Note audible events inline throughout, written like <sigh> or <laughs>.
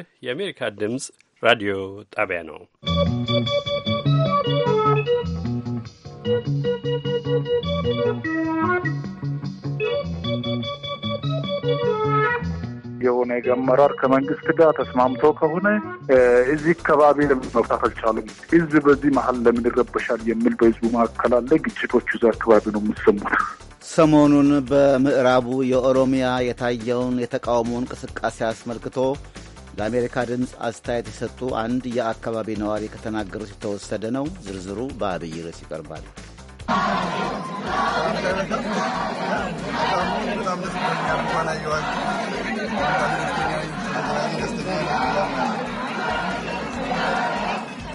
ይህ የአሜሪካ ድምፅ ራዲዮ ጣቢያ ነው። የሆነ አመራር ከመንግስት ጋር ተስማምቶ ከሆነ እዚህ አካባቢ ለምን መፍታት አልቻሉም? እዚህ በዚህ መሀል ለምን ይረበሻል? የሚል በህዝቡ መካከል አለ። ግጭቶቹ እዛ አካባቢ ነው የምሰሙት። ሰሞኑን በምዕራቡ የኦሮሚያ የታየውን የተቃውሞ እንቅስቃሴ አስመልክቶ ለአሜሪካ ድምፅ አስተያየት የሰጡ አንድ የአካባቢ ነዋሪ ከተናገሩት የተወሰደ ነው። ዝርዝሩ በአብይ ርዕስ ይቀርባል።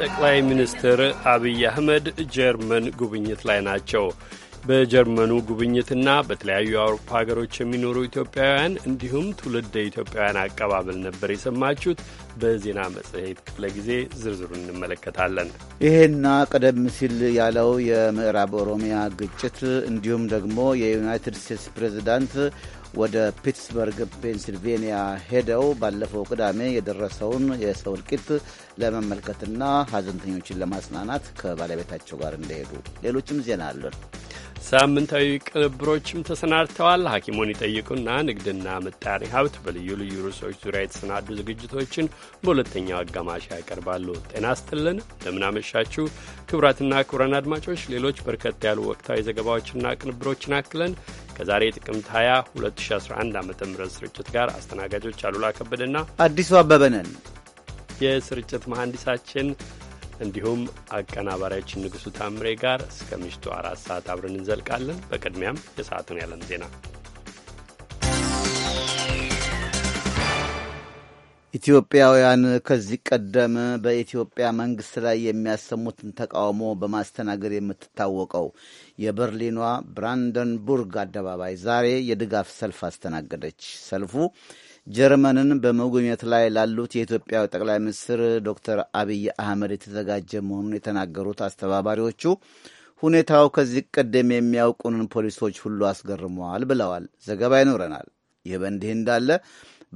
ጠቅላይ ሚኒስትር አብይ አህመድ ጀርመን ጉብኝት ላይ ናቸው። በጀርመኑ ጉብኝትና በተለያዩ የአውሮፓ ሀገሮች የሚኖሩ ኢትዮጵያውያን እንዲሁም ትውልደ ኢትዮጵያውያን አቀባበል ነበር የሰማችሁት። በዜና መጽሔት ክፍለ ጊዜ ዝርዝሩን እንመለከታለን። ይሄና ቀደም ሲል ያለው የምዕራብ ኦሮሚያ ግጭት እንዲሁም ደግሞ የዩናይትድ ስቴትስ ፕሬዚዳንት ወደ ፒትስበርግ ፔንሲልቬኒያ ሄደው ባለፈው ቅዳሜ የደረሰውን የሰው እልቂት ለመመልከትና ሀዘንተኞችን ለማጽናናት ከባለቤታቸው ጋር እንደሄዱ ሌሎችም ዜና አለን። ሳምንታዊ ቅንብሮችም ተሰናድተዋል። ሐኪሞን ይጠይቁና ንግድና ምጣኔ ሀብት በልዩ ልዩ ርዕሶች ዙሪያ የተሰናዱ ዝግጅቶችን በሁለተኛው አጋማሽ ያቀርባሉ። ጤና ስትልን እንደምናመሻችሁ ክቡራትና ክቡራን አድማጮች ሌሎች በርከት ያሉ ወቅታዊ ዘገባዎችና ቅንብሮችን አክለን ከዛሬ ጥቅምት 20 2011 ዓ ም ስርጭት ጋር አስተናጋጆች አሉላ ከበደና አዲሱ አበበ ነን። የስርጭት መሐንዲሳችን እንዲሁም አቀናባሪያችን ንጉሱ ታምሬ ጋር እስከ ምሽቱ አራት ሰዓት አብረን እንዘልቃለን። በቅድሚያም የሰዓቱን ያለም ዜና ኢትዮጵያውያን ከዚህ ቀደም በኢትዮጵያ መንግስት ላይ የሚያሰሙትን ተቃውሞ በማስተናገድ የምትታወቀው የበርሊኗ ብራንደንቡርግ አደባባይ ዛሬ የድጋፍ ሰልፍ አስተናገደች። ሰልፉ ጀርመንን በመጎብኘት ላይ ላሉት የኢትዮጵያ ጠቅላይ ሚኒስትር ዶክተር አብይ አህመድ የተዘጋጀ መሆኑን የተናገሩት አስተባባሪዎቹ ሁኔታው ከዚህ ቀደም የሚያውቁንን ፖሊሶች ሁሉ አስገርመዋል ብለዋል። ዘገባ ይኖረናል። ይህ በእንዲህ እንዳለ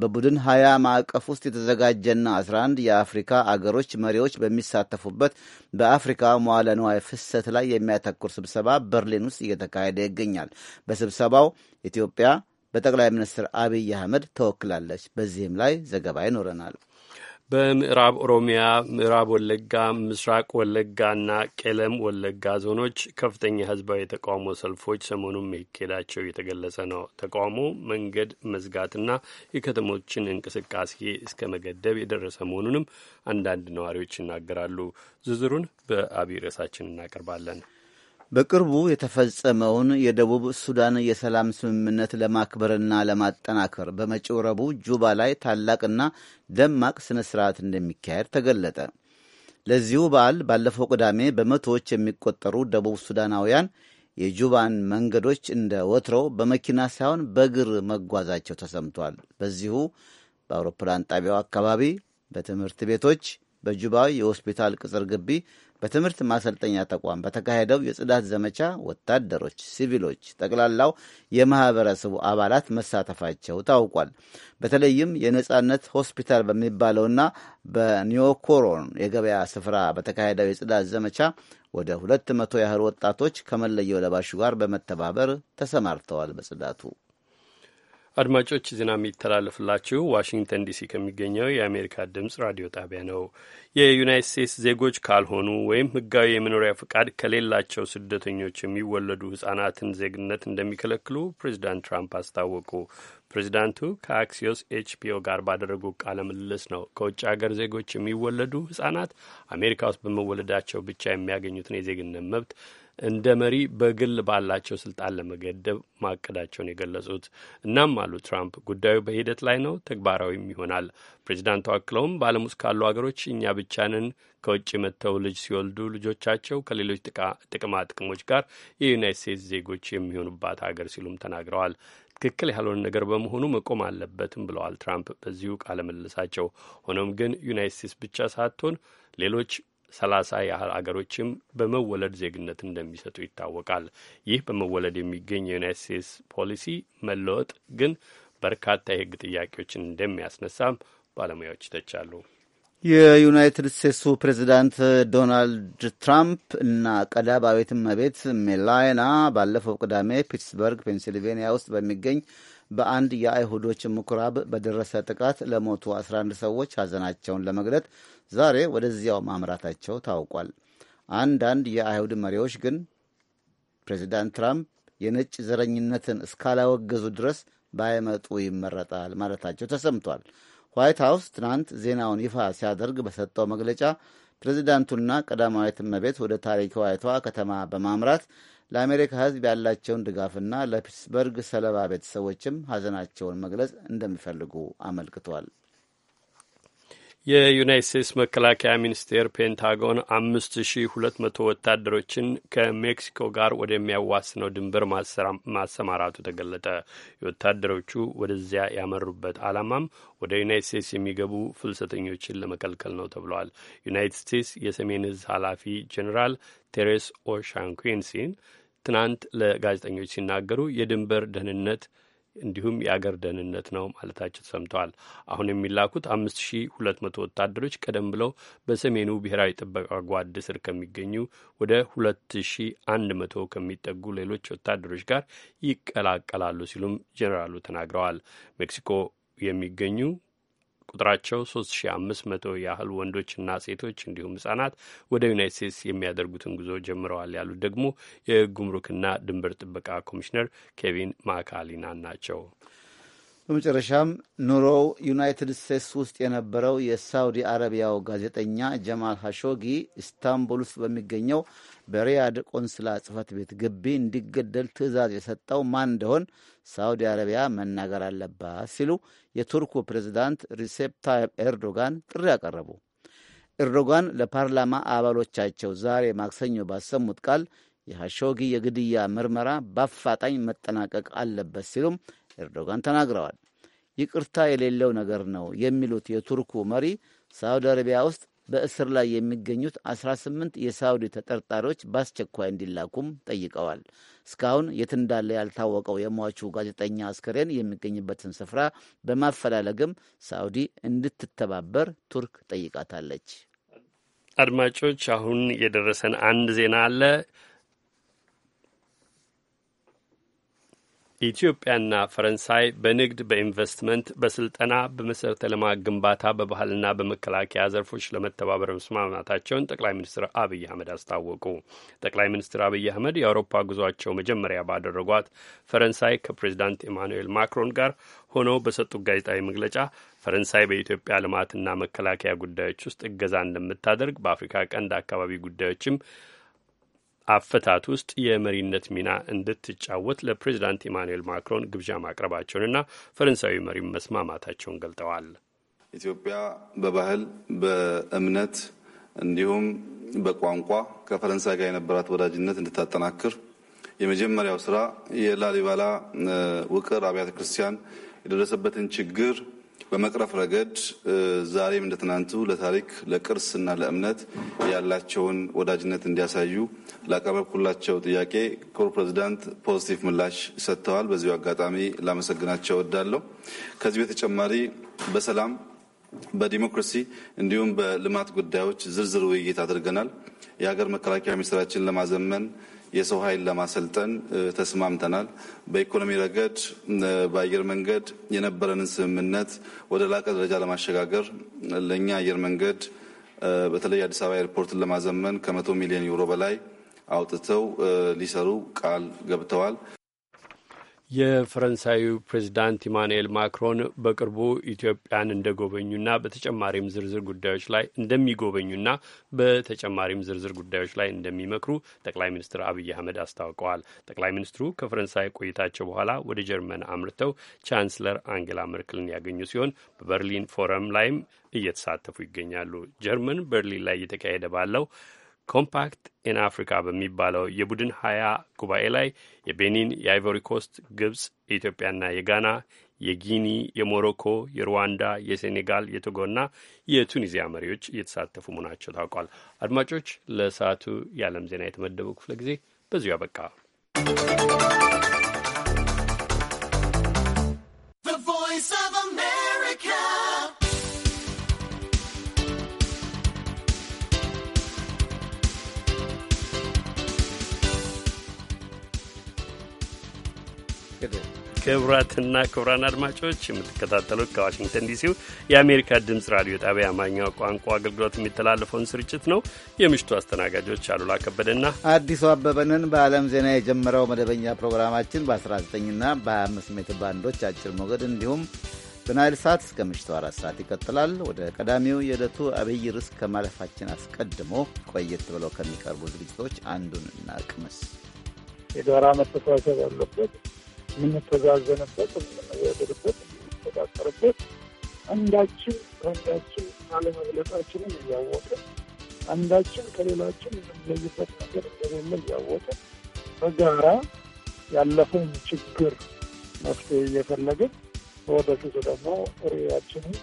በቡድን ሀያ ማዕቀፍ ውስጥ የተዘጋጀና አንድ የአፍሪካ አገሮች መሪዎች በሚሳተፉበት በአፍሪካ መዋለ ንዋይ ፍሰት ላይ የሚያተኩር ስብሰባ በርሊን ውስጥ እየተካሄደ ይገኛል። በስብሰባው ኢትዮጵያ በጠቅላይ ሚኒስትር አብይ አህመድ ተወክላለች። በዚህም ላይ ዘገባ ይኖረናል። በምዕራብ ኦሮሚያ፣ ምዕራብ ወለጋ፣ ምስራቅ ወለጋና ቄለም ወለጋ ዞኖች ከፍተኛ ህዝባዊ የተቃውሞ ሰልፎች ሰሞኑን መካሄዳቸው የተገለጸ ነው። ተቃውሞ መንገድ መዝጋትና የከተሞችን እንቅስቃሴ እስከ መገደብ የደረሰ መሆኑንም አንዳንድ ነዋሪዎች ይናገራሉ። ዝርዝሩን በአብይ ርዕሳችን እናቀርባለን። በቅርቡ የተፈጸመውን የደቡብ ሱዳን የሰላም ስምምነት ለማክበርና ለማጠናከር በመጪው ረቡዕ ጁባ ላይ ታላቅና ደማቅ ስነ ስርዓት እንደሚካሄድ ተገለጠ። ለዚሁ በዓል ባለፈው ቅዳሜ በመቶዎች የሚቆጠሩ ደቡብ ሱዳናውያን የጁባን መንገዶች እንደ ወትሮው በመኪና ሳይሆን በእግር መጓዛቸው ተሰምቷል። በዚሁ በአውሮፕላን ጣቢያው አካባቢ፣ በትምህርት ቤቶች፣ በጁባ የሆስፒታል ቅጽር ግቢ በትምህርት ማሰልጠኛ ተቋም በተካሄደው የጽዳት ዘመቻ ወታደሮች፣ ሲቪሎች፣ ጠቅላላው የማህበረሰቡ አባላት መሳተፋቸው ታውቋል። በተለይም የነጻነት ሆስፒታል በሚባለውና በኒዮኮሮን የገበያ ስፍራ በተካሄደው የጽዳት ዘመቻ ወደ ሁለት መቶ ያህል ወጣቶች ከመለየው ለባሹ ጋር በመተባበር ተሰማርተዋል በጽዳቱ አድማጮች ዜና የሚተላለፍላችሁ ዋሽንግተን ዲሲ ከሚገኘው የአሜሪካ ድምፅ ራዲዮ ጣቢያ ነው። የዩናይት ስቴትስ ዜጎች ካልሆኑ ወይም ሕጋዊ የመኖሪያ ፍቃድ ከሌላቸው ስደተኞች የሚወለዱ ሕጻናትን ዜግነት እንደሚከለክሉ ፕሬዚዳንት ትራምፕ አስታወቁ። ፕሬዚዳንቱ ከአክሲዮስ ኤችፒኦ ጋር ባደረጉ ቃለ ምልልስ ነው ከውጭ ሀገር ዜጎች የሚወለዱ ሕጻናት አሜሪካ ውስጥ በመወለዳቸው ብቻ የሚያገኙትን የዜግነት መብት እንደ መሪ በግል ባላቸው ስልጣን ለመገደብ ማቀዳቸውን የገለጹት። እናም አሉ ትራምፕ ጉዳዩ በሂደት ላይ ነው፣ ተግባራዊም ይሆናል። ፕሬዚዳንቱ አክለውም በዓለም ውስጥ ካሉ ሀገሮች እኛ ብቻ ከውጭ መጥተው ልጅ ሲወልዱ ልጆቻቸው ከሌሎች ጥቅማ ጥቅሞች ጋር የዩናይት ስቴትስ ዜጎች የሚሆኑባት ሀገር ሲሉም ተናግረዋል። ትክክል ያልሆነ ነገር በመሆኑ መቆም አለበትም ብለዋል ትራምፕ በዚሁ ቃለ ምልልሳቸው። ሆኖም ግን ዩናይት ስቴትስ ብቻ ሳትሆን ሌሎች ሰላሳ ያህል አገሮችም በመወለድ ዜግነት እንደሚሰጡ ይታወቃል። ይህ በመወለድ የሚገኝ የዩናይት ስቴትስ ፖሊሲ መለወጥ ግን በርካታ የሕግ ጥያቄዎችን እንደሚያስነሳም ባለሙያዎች ይተቻሉ። የዩናይትድ ስቴትሱ ፕሬዚዳንት ዶናልድ ትራምፕ እና ቀዳማዊት እመቤት ሜላይና ባለፈው ቅዳሜ ፒትስበርግ ፔንሲልቬንያ ውስጥ በሚገኝ በአንድ የአይሁዶች ምኩራብ በደረሰ ጥቃት ለሞቱ 11 ሰዎች ሐዘናቸውን ለመግለጥ ዛሬ ወደዚያው ማምራታቸው ታውቋል። አንዳንድ የአይሁድ መሪዎች ግን ፕሬዚዳንት ትራምፕ የነጭ ዘረኝነትን እስካላወገዙ ድረስ ባይመጡ ይመረጣል ማለታቸው ተሰምቷል። ዋይት ሀውስ ትናንት ዜናውን ይፋ ሲያደርግ በሰጠው መግለጫ ፕሬዚዳንቱና ቀዳማዊት እመቤት ወደ ታሪካዊቷ ከተማ በማምራት ለአሜሪካ ሕዝብ ያላቸውን ድጋፍና ለፒትስበርግ ሰለባ ቤተሰቦችም ሐዘናቸውን መግለጽ እንደሚፈልጉ አመልክቷል። የዩናይት ስቴትስ መከላከያ ሚኒስቴር ፔንታጎን አምስት ሺ ሁለት መቶ ወታደሮችን ከሜክሲኮ ጋር ወደሚያዋስነው ድንበር ማሰማራቱ ተገለጠ። የወታደሮቹ ወደዚያ ያመሩበት ዓላማም ወደ ዩናይት ስቴትስ የሚገቡ ፍልሰተኞችን ለመከልከል ነው ተብለዋል። ዩናይት ስቴትስ የሰሜን እዝ ኃላፊ ጄኔራል ቴሬስ ኦሻንኩንሲን ትናንት ለጋዜጠኞች ሲናገሩ የድንበር ደህንነት እንዲሁም የአገር ደህንነት ነው ማለታቸው ተሰምተዋል። አሁን የሚላኩት አምስት ሺ ሁለት መቶ ወታደሮች ቀደም ብለው በሰሜኑ ብሔራዊ ጥበቃ ጓድ ስር ከሚገኙ ወደ ሁለት ሺ አንድ መቶ ከሚጠጉ ሌሎች ወታደሮች ጋር ይቀላቀላሉ ሲሉም ጀኔራሉ ተናግረዋል። ሜክሲኮ የሚገኙ ቁጥራቸው 3500 ያህል ወንዶችና ሴቶች እንዲሁም ህጻናት ወደ ዩናይት ስቴትስ የሚያደርጉትን ጉዞ ጀምረዋል ያሉት ደግሞ የጉምሩክና ድንበር ጥበቃ ኮሚሽነር ኬቪን ማካሊናን ናቸው። በመጨረሻም ኑሮው ዩናይትድ ስቴትስ ውስጥ የነበረው የሳውዲ አረቢያው ጋዜጠኛ ጀማል ሐሾጊ ኢስታንቡል ውስጥ በሚገኘው በሪያድ ቆንስላ ጽህፈት ቤት ግቢ እንዲገደል ትዕዛዝ የሰጠው ማን እንደሆን ሳውዲ አረቢያ መናገር አለባት ሲሉ የቱርኩ ፕሬዚዳንት ሪሴፕ ታይፕ ኤርዶጋን ጥሪ አቀረቡ። ኤርዶጋን ለፓርላማ አባሎቻቸው ዛሬ ማክሰኞ ባሰሙት ቃል የሐሾጊ የግድያ ምርመራ በአፋጣኝ መጠናቀቅ አለበት ሲሉም ኤርዶጋን ተናግረዋል። ይቅርታ የሌለው ነገር ነው የሚሉት የቱርኩ መሪ ሳውዲ አረቢያ ውስጥ በእስር ላይ የሚገኙት 18 የሳውዲ ተጠርጣሪዎች በአስቸኳይ እንዲላኩም ጠይቀዋል። እስካሁን የት እንዳለ ያልታወቀው የሟቹ ጋዜጠኛ አስከሬን የሚገኝበትን ስፍራ በማፈላለግም ሳውዲ እንድትተባበር ቱርክ ጠይቃታለች። አድማጮች፣ አሁን የደረሰን አንድ ዜና አለ። ኢትዮጵያና ፈረንሳይ በንግድ፣ በኢንቨስትመንት፣ በስልጠና፣ በመሠረተ ልማት ግንባታ፣ በባህልና በመከላከያ ዘርፎች ለመተባበር መስማማታቸውን ጠቅላይ ሚኒስትር አብይ አህመድ አስታወቁ። ጠቅላይ ሚኒስትር አብይ አህመድ የአውሮፓ ጉዟቸው መጀመሪያ ባደረጓት ፈረንሳይ ከፕሬዚዳንት ኢማኑኤል ማክሮን ጋር ሆነው በሰጡት ጋዜጣዊ መግለጫ ፈረንሳይ በኢትዮጵያ ልማትና መከላከያ ጉዳዮች ውስጥ እገዛ እንደምታደርግ፣ በአፍሪካ ቀንድ አካባቢ ጉዳዮችም አፈታት ውስጥ የመሪነት ሚና እንድትጫወት ለፕሬዚዳንት ኢማኑኤል ማክሮን ግብዣ ማቅረባቸውንና ፈረንሳዊ መሪም መስማማታቸውን ገልጠዋል። ኢትዮጵያ በባህል በእምነት እንዲሁም በቋንቋ ከፈረንሳይ ጋር የነበራት ወዳጅነት እንድታጠናክር የመጀመሪያው ስራ የላሊባላ ውቅር አብያተ ክርስቲያን የደረሰበትን ችግር በመቅረፍ ረገድ ዛሬም እንደ ትናንቱ ለታሪክ ለቅርስና ለእምነት ያላቸውን ወዳጅነት እንዲያሳዩ ላቀረብኩላቸው ጥያቄ ክቡር ፕሬዚዳንት ፖዚቲቭ ምላሽ ሰጥተዋል። በዚሁ አጋጣሚ ላመሰግናቸው እወዳለሁ። ከዚህ በተጨማሪ በሰላም በዲሞክራሲ እንዲሁም በልማት ጉዳዮች ዝርዝር ውይይት አድርገናል። የሀገር መከላከያ ሚኒስትራችን ለማዘመን የሰው ኃይል ለማሰልጠን ተስማምተናል። በኢኮኖሚ ረገድ በአየር መንገድ የነበረንን ስምምነት ወደ ላቀ ደረጃ ለማሸጋገር ለእኛ አየር መንገድ በተለይ አዲስ አበባ ኤርፖርትን ለማዘመን ከመቶ ሚሊዮን ዩሮ በላይ አውጥተው ሊሰሩ ቃል ገብተዋል። የፈረንሳዩ ፕሬዚዳንት ኢማኑኤል ማክሮን በቅርቡ ኢትዮጵያን እንደጎበኙና በተጨማሪም ዝርዝር ጉዳዮች ላይ እንደሚጎበኙና በተጨማሪም ዝርዝር ጉዳዮች ላይ እንደሚመክሩ ጠቅላይ ሚኒስትር አብይ አህመድ አስታውቀዋል። ጠቅላይ ሚኒስትሩ ከፈረንሳይ ቆይታቸው በኋላ ወደ ጀርመን አምርተው ቻንስለር አንጌላ መርክልን ያገኙ ሲሆን በበርሊን ፎረም ላይም እየተሳተፉ ይገኛሉ። ጀርመን በርሊን ላይ እየተካሄደ ባለው ኮምፓክት ኢን አፍሪካ በሚባለው የቡድን ሀያ ጉባኤ ላይ የቤኒን፣ የአይቮሪ ኮስት፣ ግብጽ፣ የኢትዮጵያና የጋና የጊኒ፣ የሞሮኮ፣ የሩዋንዳ፣ የሴኔጋል፣ የቶጎና የቱኒዚያ መሪዎች እየተሳተፉ መሆናቸው ታውቋል። አድማጮች፣ ለሰዓቱ የዓለም ዜና የተመደበው ክፍለ ጊዜ በዚሁ ያበቃ። ክቡራትና ክቡራን አድማጮች የምትከታተሉት ከዋሽንግተን ዲሲው የአሜሪካ ድምፅ ራዲዮ ጣቢያ አማርኛ ቋንቋ አገልግሎት የሚተላለፈውን ስርጭት ነው። የምሽቱ አስተናጋጆች አሉላ ከበደና አዲሱ አበበንን በዓለም ዜና የጀመረው መደበኛ ፕሮግራማችን በ19ና በ25 ሜትር ባንዶች አጭር ሞገድ እንዲሁም በናይል ሰዓት እስከ ምሽቱ አራት ሰዓት ይቀጥላል። ወደ ቀዳሚው የዕለቱ አብይ ርዕስ ከማለፋችን አስቀድሞ ቆየት ብለው ከሚቀርቡ ዝግጅቶች አንዱን እናቅምስ። የጋራ መተሳሰብ ያለበት የምንተዛዘንበት፣ የምንወደድበት፣ የምንቆጣጠርበት አንዳችን ከአንዳችን አለመግለጻችንን እያወቀ አንዳችን ከሌላችን የምንለይበት ነገር እንደሌለ እያወቀ በጋራ ያለፈውን ችግር መፍትሄ እየፈለግን በወደፊቱ ደግሞ ሬያችንን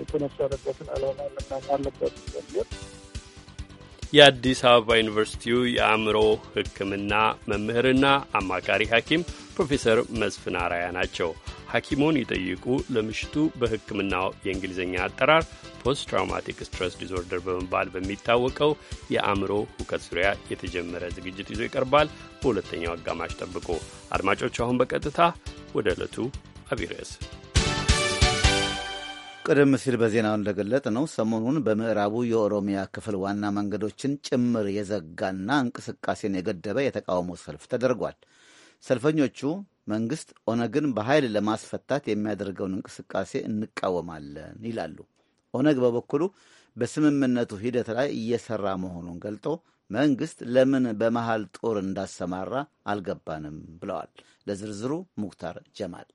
የተነሳንበትን አላማ የምናሟለበት መንገድ የአዲስ አበባ ዩኒቨርሲቲው የአእምሮ ሕክምና መምህርና አማካሪ ሐኪም ፕሮፌሰር መስፍን አራያ ናቸው። ሐኪሞን ይጠይቁ ለምሽቱ በሕክምናው የእንግሊዝኛ አጠራር ፖስት ትራውማቲክ ስትረስ ዲስኦርደር በመባል በሚታወቀው የአእምሮ ሁከት ዙሪያ የተጀመረ ዝግጅት ይዞ ይቀርባል። በሁለተኛው አጋማሽ ጠብቆ አድማጮች፣ አሁን በቀጥታ ወደ ዕለቱ አቢረስ ርዕስ ቅድም ሲል በዜናው እንደገለጥ ነው ሰሞኑን በምዕራቡ የኦሮሚያ ክፍል ዋና መንገዶችን ጭምር የዘጋና እንቅስቃሴን የገደበ የተቃውሞ ሰልፍ ተደርጓል። ሰልፈኞቹ መንግስት ኦነግን በኃይል ለማስፈታት የሚያደርገውን እንቅስቃሴ እንቃወማለን ይላሉ። ኦነግ በበኩሉ በስምምነቱ ሂደት ላይ እየሰራ መሆኑን ገልጦ መንግስት ለምን በመሃል ጦር እንዳሰማራ አልገባንም ብለዋል። ለዝርዝሩ ሙክታር ጀማል።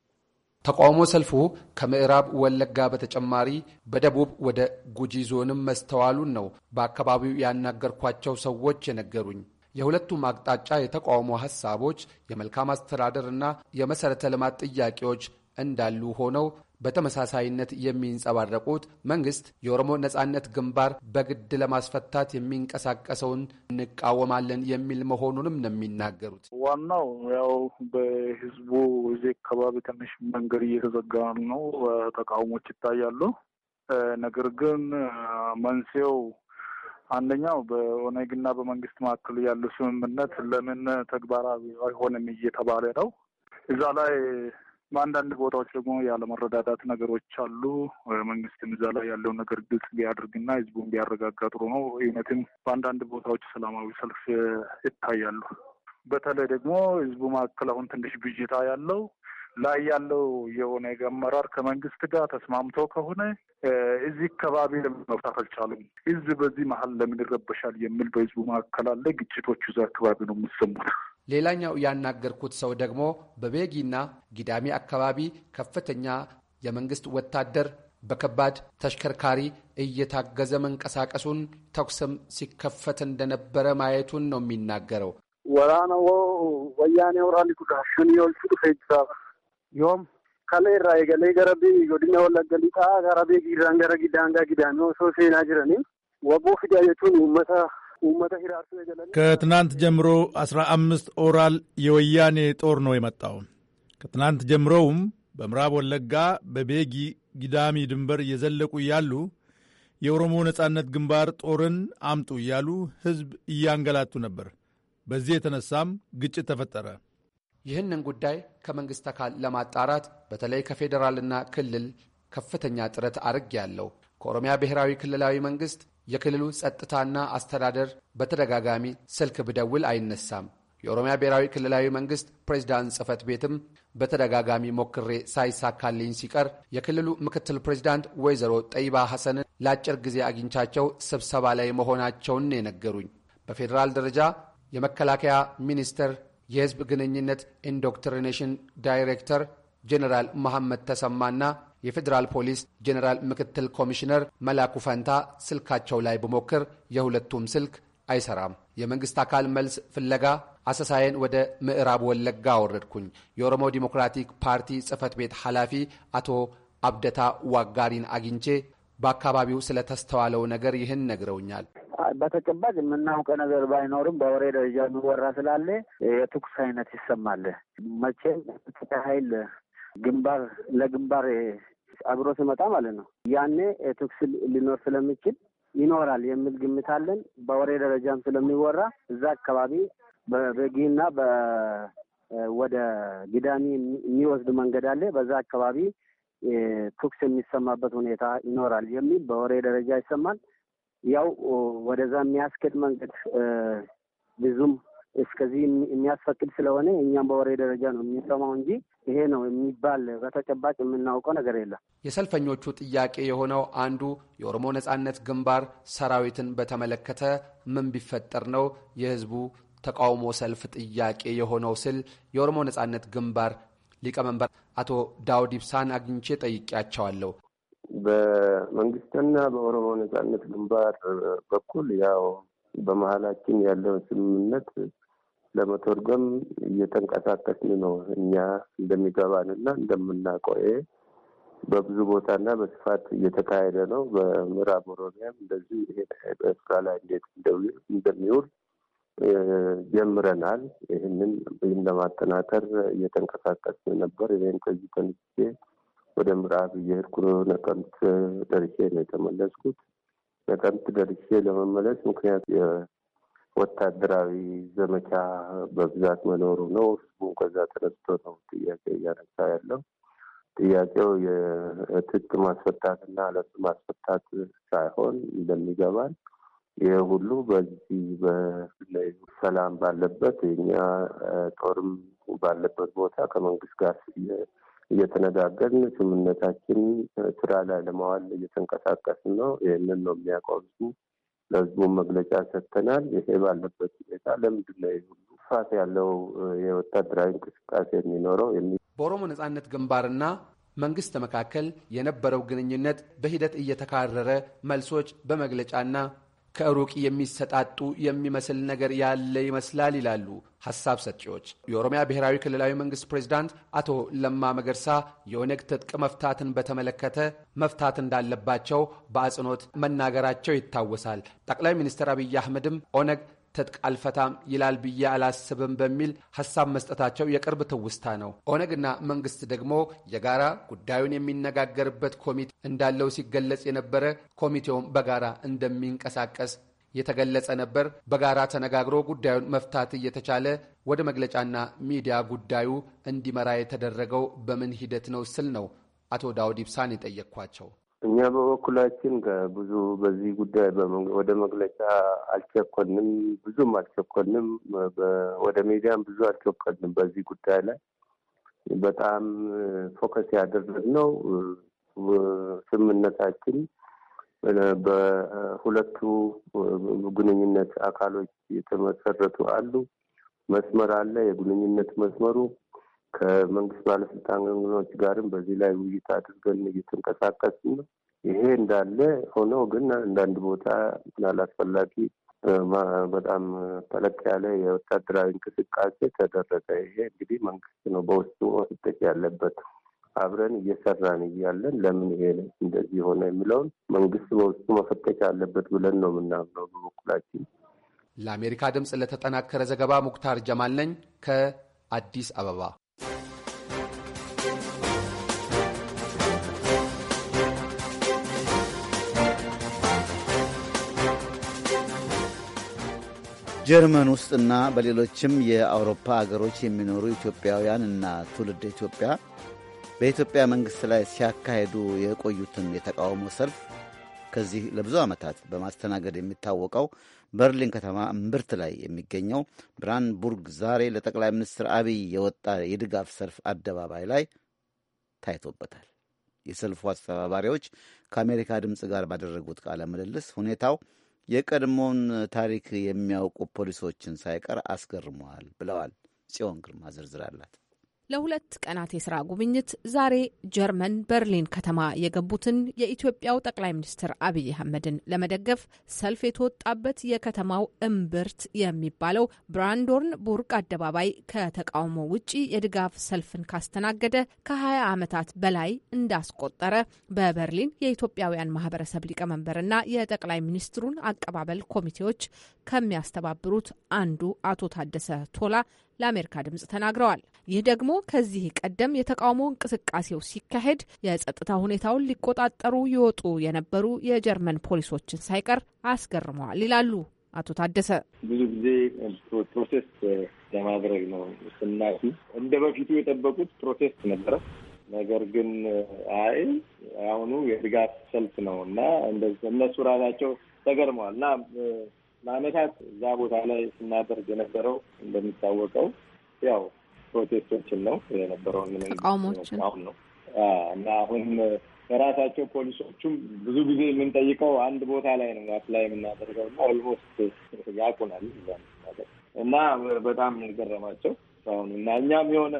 ተቃውሞ ሰልፉ ከምዕራብ ወለጋ በተጨማሪ በደቡብ ወደ ጉጂ ዞንም መስተዋሉን ነው በአካባቢው ያናገርኳቸው ሰዎች የነገሩኝ። የሁለቱም አቅጣጫ የተቃውሞ ሐሳቦች የመልካም አስተዳደርና የመሠረተ ልማት ጥያቄዎች እንዳሉ ሆነው በተመሳሳይነት የሚንጸባረቁት መንግስት የኦሮሞ ነጻነት ግንባር በግድ ለማስፈታት የሚንቀሳቀሰውን እንቃወማለን የሚል መሆኑንም ነው የሚናገሩት። ዋናው ያው በህዝቡ እዚህ አካባቢ ትንሽ መንገድ እየተዘጋ ነው፣ ተቃውሞች ይታያሉ። ነገር ግን መንስኤው አንደኛው በኦነግና በመንግስት መካከል ያለው ስምምነት ለምን ተግባራዊ አይሆንም እየተባለ ነው። እዛ ላይ በአንዳንድ ቦታዎች ደግሞ ያለመረዳዳት ነገሮች አሉ። መንግስትም እዛ ላይ ያለውን ነገር ግልጽ ቢያደርግና ህዝቡን ቢያረጋጋ ጥሩ ነው። እውነትም በአንዳንድ ቦታዎች ሰላማዊ ሰልፍ ይታያሉ። በተለይ ደግሞ ህዝቡ መካከል አሁን ትንሽ ብዥታ ያለው ላይ ያለው የኦነግ አመራር ከመንግስት ጋር ተስማምቶ ከሆነ እዚህ አካባቢ ለምን መፍታት አልቻሉም? እዚህ በዚህ መሀል ለምን ይረበሻል? የሚል በህዝቡ መካከል አለ። ግጭቶቹ እዚ አካባቢ ነው የምሰሙት። ሌላኛው ያናገርኩት ሰው ደግሞ በቤጊና ጊዳሜ አካባቢ ከፍተኛ የመንግስት ወታደር በከባድ ተሽከርካሪ እየታገዘ መንቀሳቀሱን ተኩስም ሲከፈት እንደነበረ ማየቱን ነው የሚናገረው። ወራነ ወያኔ ወራሊ ጉዳሽን yoom kalee irraa eegalee gara godina Wallagga lixaa gara Beegiirraan gara Gidaangaa Gidaanoo osoo seenaa jiranii ወቦ ፊዳ የቱን ውመታ ውመታ ሂራርቱ ከትናንት ጀምሮ አስራ አምስት ኦራል የወያኔ ጦር ነው የመጣው። ከትናንት ጀምሮውም በምዕራብ ወለጋ በቤጊ ጊዳሚ ድንበር እየዘለቁ እያሉ የኦሮሞ ነጻነት ግንባር ጦርን አምጡ እያሉ ሕዝብ እያንገላቱ ነበር። በዚህ የተነሳም ግጭት ተፈጠረ። ይህንን ጉዳይ ከመንግስት አካል ለማጣራት በተለይ ከፌዴራልና ክልል ከፍተኛ ጥረት ያለው ከኦሮሚያ ብሔራዊ ክልላዊ መንግስት የክልሉ ጸጥታና አስተዳደር በተደጋጋሚ ስልክ ብደውል አይነሳም። የኦሮሚያ ብሔራዊ ክልላዊ መንግስት ፕሬዚዳንት ጽህፈት ቤትም በተደጋጋሚ ሞክሬ ሳይሳካልኝ ሲቀር የክልሉ ምክትል ፕሬዚዳንት ወይዘሮ ጠይባ ሐሰንን ለአጭር ጊዜ አግኝቻቸው ስብሰባ ላይ መሆናቸውን የነገሩኝ። በፌዴራል ደረጃ የመከላከያ ሚኒስቴር የህዝብ ግንኙነት ኢንዶክትሪኔሽን ዳይሬክተር ጀኔራል መሐመድ ተሰማና የፌዴራል ፖሊስ ጀኔራል ምክትል ኮሚሽነር መላኩ ፈንታ ስልካቸው ላይ ብሞክር የሁለቱም ስልክ አይሰራም። የመንግሥት አካል መልስ ፍለጋ አሰሳየን ወደ ምዕራብ ወለጋ አወረድኩኝ። የኦሮሞ ዲሞክራቲክ ፓርቲ ጽህፈት ቤት ኃላፊ አቶ አብደታ ዋጋሪን አግኝቼ በአካባቢው ስለተስተዋለው ነገር ይህን ነግረውኛል። በተጨባጭ የምናውቀ ነገር ባይኖርም በወሬ ደረጃ የሚወራ ስላለ የትኩስ አይነት ይሰማል። መቼም ኃይል ግንባር ለግንባር አብሮ ሲመጣ ማለት ነው ያኔ ትኩስ ሊኖር ስለሚችል ይኖራል የሚል ግምት አለን። በወሬ ደረጃም ስለሚወራ እዛ አካባቢ በበጊና ወደ ግዳሚ የሚወስድ መንገድ አለ። በዛ አካባቢ ተኩስ የሚሰማበት ሁኔታ ይኖራል የሚል በወሬ ደረጃ ይሰማል። ያው ወደዛ የሚያስኬድ መንገድ ብዙም እስከዚህ የሚያስፈቅድ ስለሆነ እኛም በወሬ ደረጃ ነው የሚሰማው እንጂ ይሄ ነው የሚባል በተጨባጭ የምናውቀው ነገር የለም። የሰልፈኞቹ ጥያቄ የሆነው አንዱ የኦሮሞ ነጻነት ግንባር ሰራዊትን በተመለከተ ምን ቢፈጠር ነው የህዝቡ ተቃውሞ ሰልፍ ጥያቄ የሆነው ስል የኦሮሞ ነጻነት ግንባር ሊቀመንበር አቶ ዳውድ ኢብሳን አግኝቼ ጠይቄያቸዋለሁ። በመንግስትና በኦሮሞ ነጻነት ግንባር በኩል ያው በመሀላችን ያለውን ስምምነት ለመተርጎም እየተንቀሳቀስን ነው። እኛ እንደሚገባን እና እንደምናውቀው በብዙ ቦታና በስፋት እየተካሄደ ነው። በምዕራብ ኦሮሚያም እንደዚህ ይሄ በስራ ላይ እንዴት እንደሚውል ጀምረናል። ይህንን ይህን ለማጠናከር እየተንቀሳቀስን ነበር። ይህን ከዚህ ተነስቼ ወደ ምዕራብ እየሄድኩ ነቀምት ደርሼ ነው የተመለስኩት። ነቀምት ደርሼ ለመመለስ ምክንያት ወታደራዊ ዘመቻ በብዛት መኖሩ ነው። ህዝቡ ከዛ ተነስቶ ነው ጥያቄ እያነሳ ያለው። ጥያቄው የትጥቅ ማስፈታትና አለፍ ማስፈታት ሳይሆን እንደሚገባል ይህ ሁሉ በዚህ በተለይ ሰላም ባለበት የኛ ጦርም ባለበት ቦታ ከመንግስት ጋር እየተነጋገርን ስምምነታችን ስራ ላይ ለማዋል እየተንቀሳቀስን ነው። ይህንን ነው የሚያውቀው ለህዝቡ መግለጫ ሰጥተናል። ይሄ ባለበት ሁኔታ ለምንድን ነው ሁሉ ፋት ያለው የወታደራዊ እንቅስቃሴ የሚኖረው? በኦሮሞ ነጻነት ግንባርና መንግስት መካከል የነበረው ግንኙነት በሂደት እየተካረረ መልሶች በመግለጫና ከሩቅ የሚሰጣጡ የሚመስል ነገር ያለ ይመስላል ይላሉ ሀሳብ ሰጪዎች። የኦሮሚያ ብሔራዊ ክልላዊ መንግስት ፕሬዚዳንት አቶ ለማ መገርሳ የኦነግ ትጥቅ መፍታትን በተመለከተ መፍታት እንዳለባቸው በአጽንኦት መናገራቸው ይታወሳል። ጠቅላይ ሚኒስትር አብይ አህመድም ኦነግ ትጥቅ አልፈታም ይላል ብዬ አላስብም በሚል ሀሳብ መስጠታቸው የቅርብ ትውስታ ነው። ኦነግና መንግስት ደግሞ የጋራ ጉዳዩን የሚነጋገርበት ኮሚቴ እንዳለው ሲገለጽ የነበረ ኮሚቴውም በጋራ እንደሚንቀሳቀስ የተገለጸ ነበር። በጋራ ተነጋግሮ ጉዳዩን መፍታት እየተቻለ ወደ መግለጫና ሚዲያ ጉዳዩ እንዲመራ የተደረገው በምን ሂደት ነው ስል ነው አቶ ዳውድ ኢብሳን የጠየቅኳቸው። እኛ በበኩላችን ከብዙ በዚህ ጉዳይ ወደ መግለጫ አልቸኮንም፣ ብዙም አልቸኮንም፣ ወደ ሚዲያም ብዙ አልቸኮንም። በዚህ ጉዳይ ላይ በጣም ፎከስ ያደረግነው ስምምነታችን በሁለቱ ግንኙነት አካሎች የተመሰረቱ አሉ። መስመር አለ። የግንኙነት መስመሩ ከመንግስት ባለስልጣን ጋርም በዚህ ላይ ውይይት አድርገን እየተንቀሳቀስ ነው። ይሄ እንዳለ ሆነው ግን አንዳንድ ቦታ ላላስፈላጊ በጣም ተለቅ ያለ የወታደራዊ እንቅስቃሴ ተደረገ። ይሄ እንግዲህ መንግስት ነው በውስጡ መፍጠቅ ያለበት። አብረን እየሰራን እያለን ለምን ይሄ እንደዚህ ሆነ የሚለውን መንግስት በውስጡ መፈተሽ አለበት ብለን ነው የምናምነው በበኩላችን። ለአሜሪካ ድምፅ ለተጠናከረ ዘገባ ሙክታር ጀማል ነኝ ከአዲስ አበባ። ጀርመን ውስጥና በሌሎችም የአውሮፓ አገሮች የሚኖሩ ኢትዮጵያውያን እና ትውልድ ኢትዮጵያ በኢትዮጵያ መንግሥት ላይ ሲያካሄዱ የቆዩትን የተቃውሞ ሰልፍ ከዚህ ለብዙ ዓመታት በማስተናገድ የሚታወቀው በርሊን ከተማ እምብርት ላይ የሚገኘው ብራንድቡርግ ዛሬ ለጠቅላይ ሚኒስትር አብይ የወጣ የድጋፍ ሰልፍ አደባባይ ላይ ታይቶበታል። የሰልፉ አስተባባሪዎች ከአሜሪካ ድምፅ ጋር ባደረጉት ቃለ ምልልስ ሁኔታው የቀድሞውን ታሪክ የሚያውቁ ፖሊሶችን ሳይቀር አስገርመዋል ብለዋል። ጽዮን ግርማ ዝርዝር አላት። ለሁለት ቀናት የስራ ጉብኝት ዛሬ ጀርመን በርሊን ከተማ የገቡትን የኢትዮጵያው ጠቅላይ ሚኒስትር አብይ አህመድን ለመደገፍ ሰልፍ የተወጣበት የከተማው እምብርት የሚባለው ብራንዶርን ቡርግ አደባባይ ከተቃውሞ ውጪ የድጋፍ ሰልፍን ካስተናገደ ከ20 ዓመታት በላይ እንዳስቆጠረ በበርሊን የኢትዮጵያውያን ማህበረሰብ ሊቀመንበርና የጠቅላይ ሚኒስትሩን አቀባበል ኮሚቴዎች ከሚያስተባብሩት አንዱ አቶ ታደሰ ቶላ ለአሜሪካ ድምጽ ተናግረዋል። ይህ ደግሞ ከዚህ ቀደም የተቃውሞ እንቅስቃሴው ሲካሄድ የጸጥታ ሁኔታውን ሊቆጣጠሩ ይወጡ የነበሩ የጀርመን ፖሊሶችን ሳይቀር አስገርመዋል ይላሉ አቶ ታደሰ። ብዙ ጊዜ ፕሮቴስት ለማድረግ ነው ስናሲ እንደ በፊቱ የጠበቁት ፕሮቴስት ነበረ። ነገር ግን አይ አሁኑ የድጋፍ ሰልፍ ነው እና እነሱ ራሳቸው ተገርመዋል እና ለአመታት እዛ ቦታ ላይ ስናደርግ የነበረው እንደሚታወቀው ያው ፕሮቴስቶችን ነው የነበረው ተቃውሞችን ነው እና አሁን የራሳቸው ፖሊሶቹም ብዙ ጊዜ የምንጠይቀው አንድ ቦታ ላይ ነው አፕላይ የምናደርገው እና ኦልሞስት ያቁናል እና በጣም የገረማቸው አሁን እና እኛም የሆነ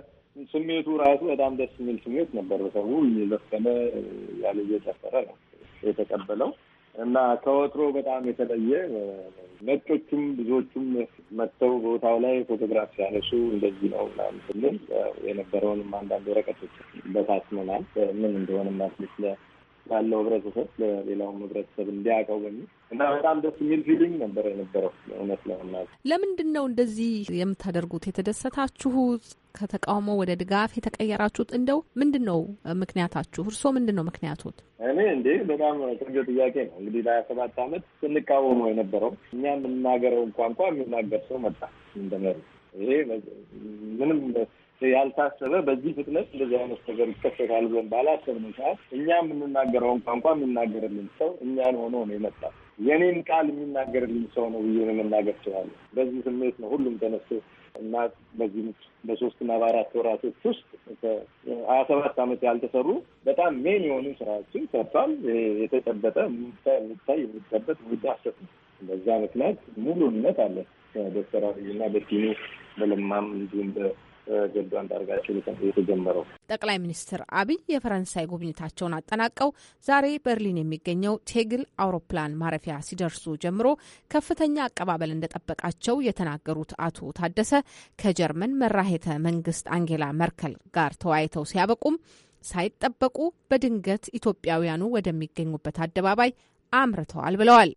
ስሜቱ ራሱ በጣም ደስ የሚል ስሜት ነበር። ሰው እየዘፈነ ያለ እየጨፈረ ነው የተቀበለው። እና ከወትሮ በጣም የተለየ ነጮቹም ብዙዎቹም መጥተው ቦታው ላይ ፎቶግራፍ ሲያነሱ እንደዚህ ነው ምናምን ስንል የነበረውንም አንዳንድ ወረቀቶች በታትመናል ምን እንደሆነ ማስልት ላለው ህብረተሰብ ለሌላውም ህብረተሰብ እንዲያውቀው በሚል እና በጣም ደስ የሚል ፊሊንግ ነበረ የነበረው። እውነት ለምናል ለምንድን ነው እንደዚህ የምታደርጉት? የተደሰታችሁት? ከተቃውሞ ወደ ድጋፍ የተቀየራችሁት እንደው ምንድን ነው ምክንያታችሁ? እርስዎ ምንድን ነው ምክንያቱት? እኔ እንዴ በጣም ቆንጆ ጥያቄ ነው። እንግዲህ ለሀያ ሰባት ዓመት ስንቃወመው የነበረው እኛ የምናገረውን ቋንቋ የሚናገር ሰው መጣ እንደመሪ። ይሄ ምንም ያልታሰበ በዚህ ፍጥነት እንደዚህ አይነት ነገር ይከሰታል ብለን ባላሰብነው ሰዓት እኛ የምንናገረውን ቋንቋ የሚናገርልን ሰው እኛን ሆኖ ነው የመጣው። የኔን ቃል የሚናገርልን ሰው ነው ብዬ ነው የምናገር ችላለ። በዚህ ስሜት ነው ሁሉም ተነስቶ እና በዚህ በሶስትና በአራት ወራቶች ውስጥ ሀያ ሰባት አመት ያልተሰሩ በጣም ሜን የሆኑ ስራዎችን ሰርቷል። የተጨበጠ የሚታይ የሚታይ የሚጨበጥ የሚዳሰስ ነው። በዛ ምክንያት ሙሉነት አለ ዶክተር አብይና በቲኑ በለማም እንዲሁም ጀዱ አንዳርጋቸው የተጀመረው። ጠቅላይ ሚኒስትር አብይ የፈረንሳይ ጉብኝታቸውን አጠናቀው ዛሬ በርሊን የሚገኘው ቴግል አውሮፕላን ማረፊያ ሲደርሱ ጀምሮ ከፍተኛ አቀባበል እንደጠበቃቸው የተናገሩት አቶ ታደሰ ከጀርመን መራሄተ መንግስት አንጌላ መርከል ጋር ተወያይተው ሲያበቁም ሳይጠበቁ በድንገት ኢትዮጵያውያኑ ወደሚገኙበት አደባባይ አምርተዋል ብለዋል።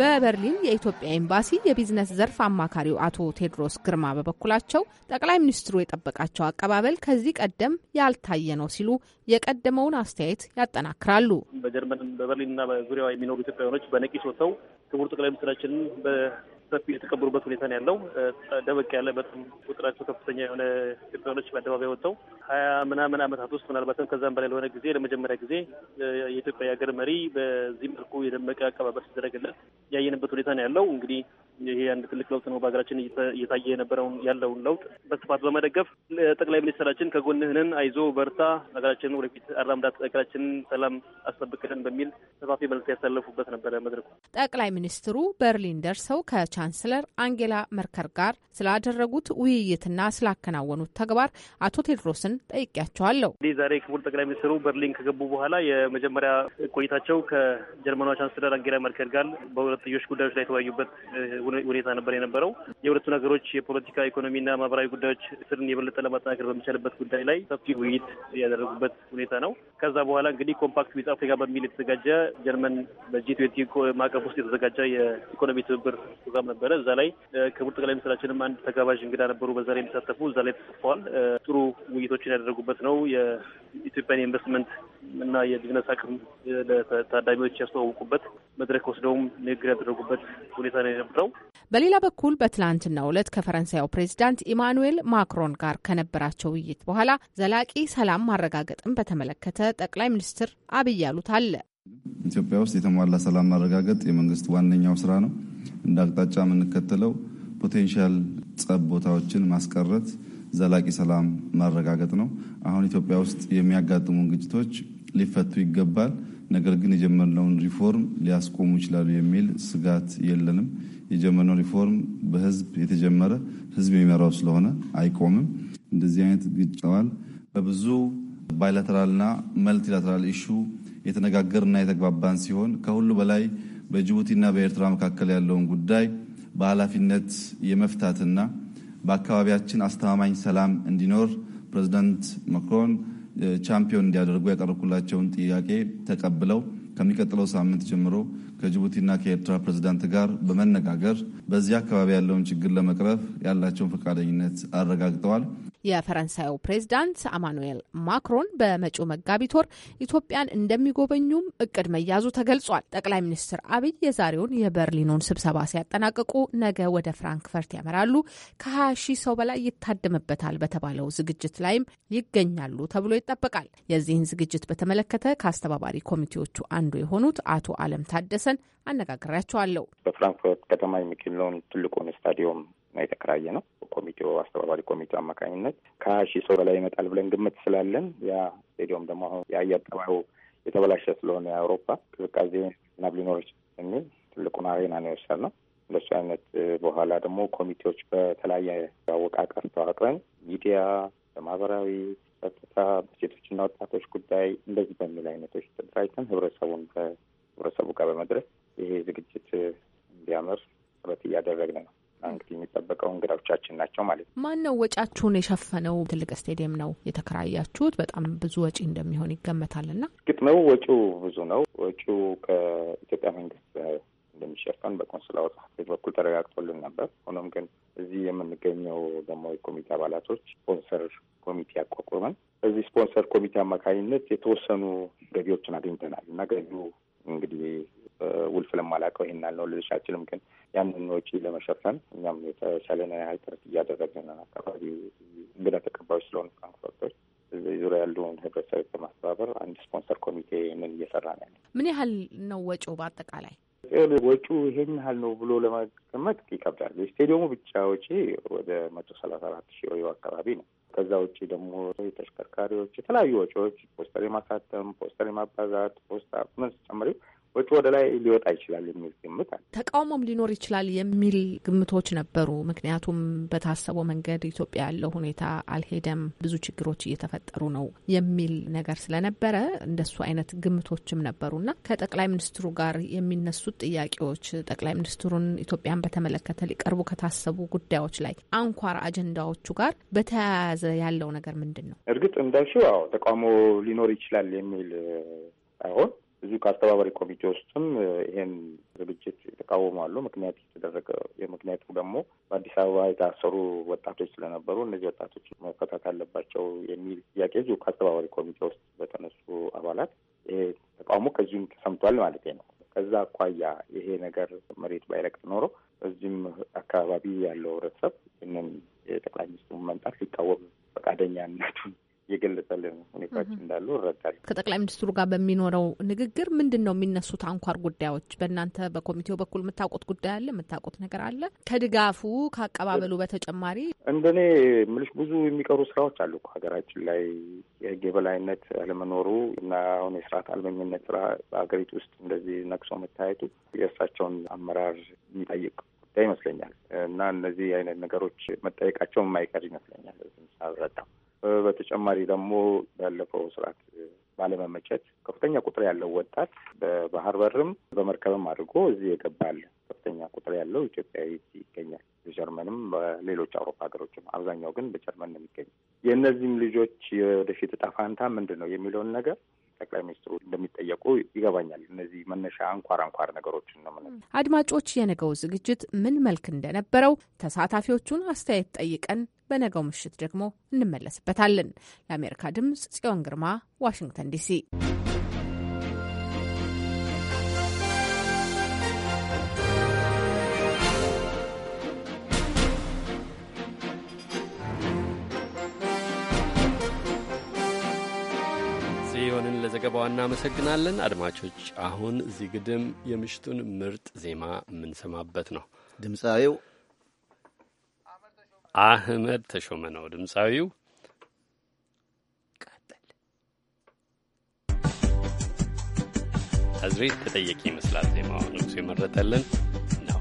በበርሊን የኢትዮጵያ ኤምባሲ የቢዝነስ ዘርፍ አማካሪው አቶ ቴድሮስ ግርማ በበኩላቸው ጠቅላይ ሚኒስትሩ የጠበቃቸው አቀባበል ከዚህ ቀደም ያልታየ ነው ሲሉ የቀደመውን አስተያየት ያጠናክራሉ። በጀርመን በበርሊንና በዙሪያዋ የሚኖሩ ኢትዮጵያውያኖች በነቂስ ወጥተው ክቡር ጠቅላይ ሚኒስትራችንን በሰፊ የተቀበሩበት ሁኔታ ነው ያለው። ደመቅ ያለ በጣም ቁጥራቸው ከፍተኛ የሆነ ኢትዮጵያኖች በአደባባይ ወጥተው ሀያ ምናምን ዓመታት ውስጥ ምናልባትም ከዛም በላይ ለሆነ ጊዜ ለመጀመሪያ ጊዜ የኢትዮጵያ የሀገር መሪ በዚህ መልኩ የደመቀ አቀባበል ሲደረግለት ያየንበት ሁኔታ ነው ያለው። እንግዲህ ይሄ አንድ ትልቅ ለውጥ ነው። በሀገራችን እየታየ የነበረውን ያለውን ለውጥ በስፋት በመደገፍ ጠቅላይ ሚኒስትራችን ከጎንህንን፣ አይዞ በርታ፣ ሀገራችን ወደፊት አራምዳት፣ ሀገራችን ሰላም አስጠብቅልን በሚል ሰፋፊ መልዕክት ያሳለፉበት ነበረ መድረኩ። ጠቅላይ ሚኒስትሩ በርሊን ደርሰው ከቻ ቻንስለር አንጌላ መርከር ጋር ስላደረጉት ውይይትና ስላከናወኑት ተግባር አቶ ቴድሮስን ጠይቄያቸዋለሁ። እንዲህ ዛሬ ክቡር ጠቅላይ ሚኒስትሩ በርሊን ከገቡ በኋላ የመጀመሪያ ቆይታቸው ከጀርመኗ ቻንስለር አንጌላ መርከር ጋር በሁለትዮሽ ጉዳዮች ላይ የተወያዩበት ሁኔታ ነበር የነበረው። የሁለቱን ሀገሮች የፖለቲካ ኢኮኖሚና ማህበራዊ ጉዳዮች ስርን የበለጠ ለማጠናከር በሚቻልበት ጉዳይ ላይ ሰፊ ውይይት ያደረጉበት ሁኔታ ነው። ከዛ በኋላ እንግዲህ ኮምፓክት ዊዝ አፍሪካ በሚል የተዘጋጀ ጀርመን በጂ ትዌንቲ ማዕቀፍ ውስጥ የተዘጋጀ የኢኮኖሚ ትብብር ፕሮግራም ነበረ። እዛ ላይ ክቡር ጠቅላይ ሚኒስትራችንም አንድ ተጋባዥ እንግዳ ነበሩ። በዛ ላይ የሚሳተፉ እዛ ላይ ተሳትፈዋል። ጥሩ ውይይቶችን ያደረጉበት ነው። የኢትዮጵያን የኢንቨስትመንት እና የቢዝነስ አቅም ለታዳሚዎች ያስተዋውቁበት መድረክ ወስደውም ንግግር ያደረጉበት ሁኔታ ነው የነበረው። በሌላ በኩል በትላንትናው ዕለት ከፈረንሳያው ፕሬዚዳንት ኢማኑኤል ማክሮን ጋር ከነበራቸው ውይይት በኋላ ዘላቂ ሰላም ማረጋገጥን በተመለከተ ጠቅላይ ሚኒስትር አብይ ያሉት አለ። ኢትዮጵያ ውስጥ የተሟላ ሰላም ማረጋገጥ የመንግስት ዋነኛው ስራ ነው። እንደ አቅጣጫ የምንከተለው ፖቴንሻል ጸብ ቦታዎችን ማስቀረት፣ ዘላቂ ሰላም ማረጋገጥ ነው። አሁን ኢትዮጵያ ውስጥ የሚያጋጥሙን ግጭቶች ሊፈቱ ይገባል። ነገር ግን የጀመርነውን ሪፎርም ሊያስቆሙ ይችላሉ የሚል ስጋት የለንም። የጀመርነው ሪፎርም በህዝብ የተጀመረ ህዝብ የሚመራው ስለሆነ አይቆምም። እንደዚህ አይነት ግጭዋል በብዙ ባይላተራልና መልቲላተራል ኢሹ የተነጋገርና የተግባባን ሲሆን ከሁሉ በላይ በጅቡቲና በኤርትራ መካከል ያለውን ጉዳይ በኃላፊነት የመፍታትና በአካባቢያችን አስተማማኝ ሰላም እንዲኖር ፕሬዚዳንት ማክሮን ቻምፒዮን እንዲያደርጉ ያቀረብኩላቸውን ጥያቄ ተቀብለው ከሚቀጥለው ሳምንት ጀምሮ ከጅቡቲና ከኤርትራ ፕሬዚዳንት ጋር በመነጋገር በዚህ አካባቢ ያለውን ችግር ለመቅረፍ ያላቸውን ፈቃደኝነት አረጋግጠዋል። የፈረንሳዩ ፕሬዝዳንት አማኑኤል ማክሮን በመጪው መጋቢት ወር ኢትዮጵያን እንደሚጎበኙም እቅድ መያዙ ተገልጿል። ጠቅላይ ሚኒስትር አብይ የዛሬውን የበርሊኑን ስብሰባ ሲያጠናቅቁ ነገ ወደ ፍራንክፈርት ያመራሉ። ከ20 ሺህ ሰው በላይ ይታደምበታል በተባለው ዝግጅት ላይም ይገኛሉ ተብሎ ይጠበቃል። የዚህን ዝግጅት በተመለከተ ከአስተባባሪ ኮሚቴዎቹ አንዱ የሆኑት አቶ አለም ታደሰን አነጋግሬያቸዋለሁ። በፍራንክፈርት ከተማ የሚገኘውን ትልቁን ስታዲየም የተከራየ ነው። ኮሚቴው አስተባባሪ ኮሚቴው አማካኝነት ከሀያ ሺህ ሰው በላይ ይመጣል ብለን ግምት ስላለን ያ ስቴዲየም ደግሞ አሁን የአየር ጠባዩ የተበላሸ ስለሆነ የአውሮፓ ቅዝቃዜ ናብ የሚል ትልቁን አሬና ነው የወሰድነው። እንደሱ አይነት በኋላ ደግሞ ኮሚቴዎች በተለያየ አወቃቀር ተዋቅረን ሚዲያ፣ በማህበራዊ ጸጥታ፣ በሴቶችና ወጣቶች ጉዳይ እንደዚህ በሚል አይነቶች ተደራጅተን ህብረተሰቡን ከህብረተሰቡ ጋር በመድረስ ይሄ ዝግጅት እንዲያምር ጥረት እያደረግን ነው። እንግዲህ የሚጠበቀው እንግዳዎቻችን ናቸው ማለት ነው። ማን ነው ወጪያችሁን የሸፈነው? ትልቅ ስቴዲየም ነው የተከራያችሁት። በጣም ብዙ ወጪ እንደሚሆን ይገመታል ና እርግጥ ነው ወጪው ብዙ ነው። ወጪው ከኢትዮጵያ መንግስት እንደሚሸፈን በቆንስላው ጽሕፈት ቤት በኩል ተረጋግጦልን ነበር። ሆኖም ግን እዚህ የምንገኘው ደግሞ የኮሚቴ አባላቶች ስፖንሰር ኮሚቴ ያቋቁመን በዚህ ስፖንሰር ኮሚቴ አማካኝነት የተወሰኑ ገቢዎችን አግኝተናል እና ገቢው እንግዲህ ውል ስለማላውቀው ይሄን ያልነው ልልሽ አልችልም። ግን ያንን ወጪ ለመሸፈን እኛም የተቻለን ያህል ጥረት እያደረግን አካባቢ እንግዳ ተቀባዮች ስለሆኑ ፍራንክፈርቶች እዚህ ዙሪያ ያሉን ህብረተሰብ በማስተባበር አንድ ስፖንሰር ኮሚቴ ምን እየሰራ ነው ያለ። ምን ያህል ነው ወጪው በአጠቃላይ? ወጪ ይሄን ያህል ነው ብሎ ለመገመት ይከብዳል። የስቴዲየሙ ብቻ ወጪ ወደ መቶ ሰላሳ አራት ሺ አካባቢ ነው። ከዛ ውጭ ደግሞ የተሽከርካሪዎች፣ የተለያዩ ወጪዎች፣ ፖስተር የማሳተም፣ ፖስተር የማባዛት፣ ፖስታ ምን ጨምሪው ወጪ ወደ ላይ ሊወጣ ይችላል የሚል ግምት አለ። ተቃውሞም ሊኖር ይችላል የሚል ግምቶች ነበሩ። ምክንያቱም በታሰበው መንገድ ኢትዮጵያ ያለው ሁኔታ አልሄደም፣ ብዙ ችግሮች እየተፈጠሩ ነው የሚል ነገር ስለነበረ እንደሱ አይነት ግምቶችም ነበሩ እና ከጠቅላይ ሚኒስትሩ ጋር የሚነሱት ጥያቄዎች ጠቅላይ ሚኒስትሩን ኢትዮጵያን በተመለከተ ሊቀርቡ ከታሰቡ ጉዳዮች ላይ አንኳር አጀንዳዎቹ ጋር በተያያዘ ያለው ነገር ምንድን ነው? እርግጥ እንዳልሽው ተቃውሞ ሊኖር ይችላል የሚል አይሆን እዚሁ ከአስተባባሪ ኮሚቴ ውስጥም ይሄን ዝግጅት የተቃወማሉ። ምክንያት የተደረገ የምክንያቱ ደግሞ በአዲስ አበባ የታሰሩ ወጣቶች ስለነበሩ እነዚህ ወጣቶች መፈታት አለባቸው የሚል ጥያቄ እዚሁ ከአስተባባሪ ኮሚቴ ውስጥ በተነሱ አባላት ይሄ ተቃውሞ ከዚሁም ተሰምቷል ማለት ነው። ከዛ አኳያ ይሄ ነገር መሬት ባይረግጥ ኖሮ እዚህም አካባቢ ያለው ህብረተሰብ ይህንን የጠቅላይ ሚኒስትሩን መምጣት ሊቃወም ፈቃደኛነቱን የገለጸልን ሁኔታዎች እንዳሉ እረዳለሁ። ከጠቅላይ ሚኒስትሩ ጋር በሚኖረው ንግግር ምንድን ነው የሚነሱት አንኳር ጉዳዮች? በእናንተ በኮሚቴው በኩል የምታውቁት ጉዳይ አለ? የምታውቁት ነገር አለ? ከድጋፉ ከአቀባበሉ በተጨማሪ እንደኔ ምልሽ ብዙ የሚቀሩ ስራዎች አሉ ሀገራችን ላይ የህግ የበላይነት አለመኖሩ እና አሁን የስርዓት አልበኝነት ስራ በሀገሪቱ ውስጥ እንደዚህ ነቅሶ መታየቱ የእርሳቸውን አመራር የሚጠይቅ ጉዳይ ይመስለኛል እና እነዚህ አይነት ነገሮች መጠየቃቸው የማይቀር ይመስለኛል ስም በተጨማሪ ደግሞ ባለፈው ስርዓት ባለመመቸት ከፍተኛ ቁጥር ያለው ወጣት በባህር በርም በመርከብም አድርጎ እዚህ የገባል። ከፍተኛ ቁጥር ያለው ኢትዮጵያዊ ይገኛል። በጀርመንም በሌሎች አውሮፓ ሀገሮችም፣ አብዛኛው ግን በጀርመን ነው የሚገኘው። የእነዚህም ልጆች የወደፊት እጣ ፋንታ ምንድን ነው የሚለውን ነገር ጠቅላይ ሚኒስትሩ እንደሚጠየቁ ይገባኛል። እነዚህ መነሻ አንኳር አንኳር ነገሮችን ነው። አድማጮች፣ የነገው ዝግጅት ምን መልክ እንደነበረው ተሳታፊዎቹን አስተያየት ጠይቀን በነገው ምሽት ደግሞ እንመለስበታለን። ለአሜሪካ ድምፅ ጽዮን ግርማ፣ ዋሽንግተን ዲሲ። ጽዮንን ለዘገባው እናመሰግናለን። አድማጮች፣ አሁን እዚህ ግድም የምሽቱን ምርጥ ዜማ የምንሰማበት ነው ድምፃዊው አህመድ ተሾመ ነው ድምፃዊው። አዝሬት ተጠየቂ ይመስላል ዜማው ንጉሱ የመረጠልን ነው።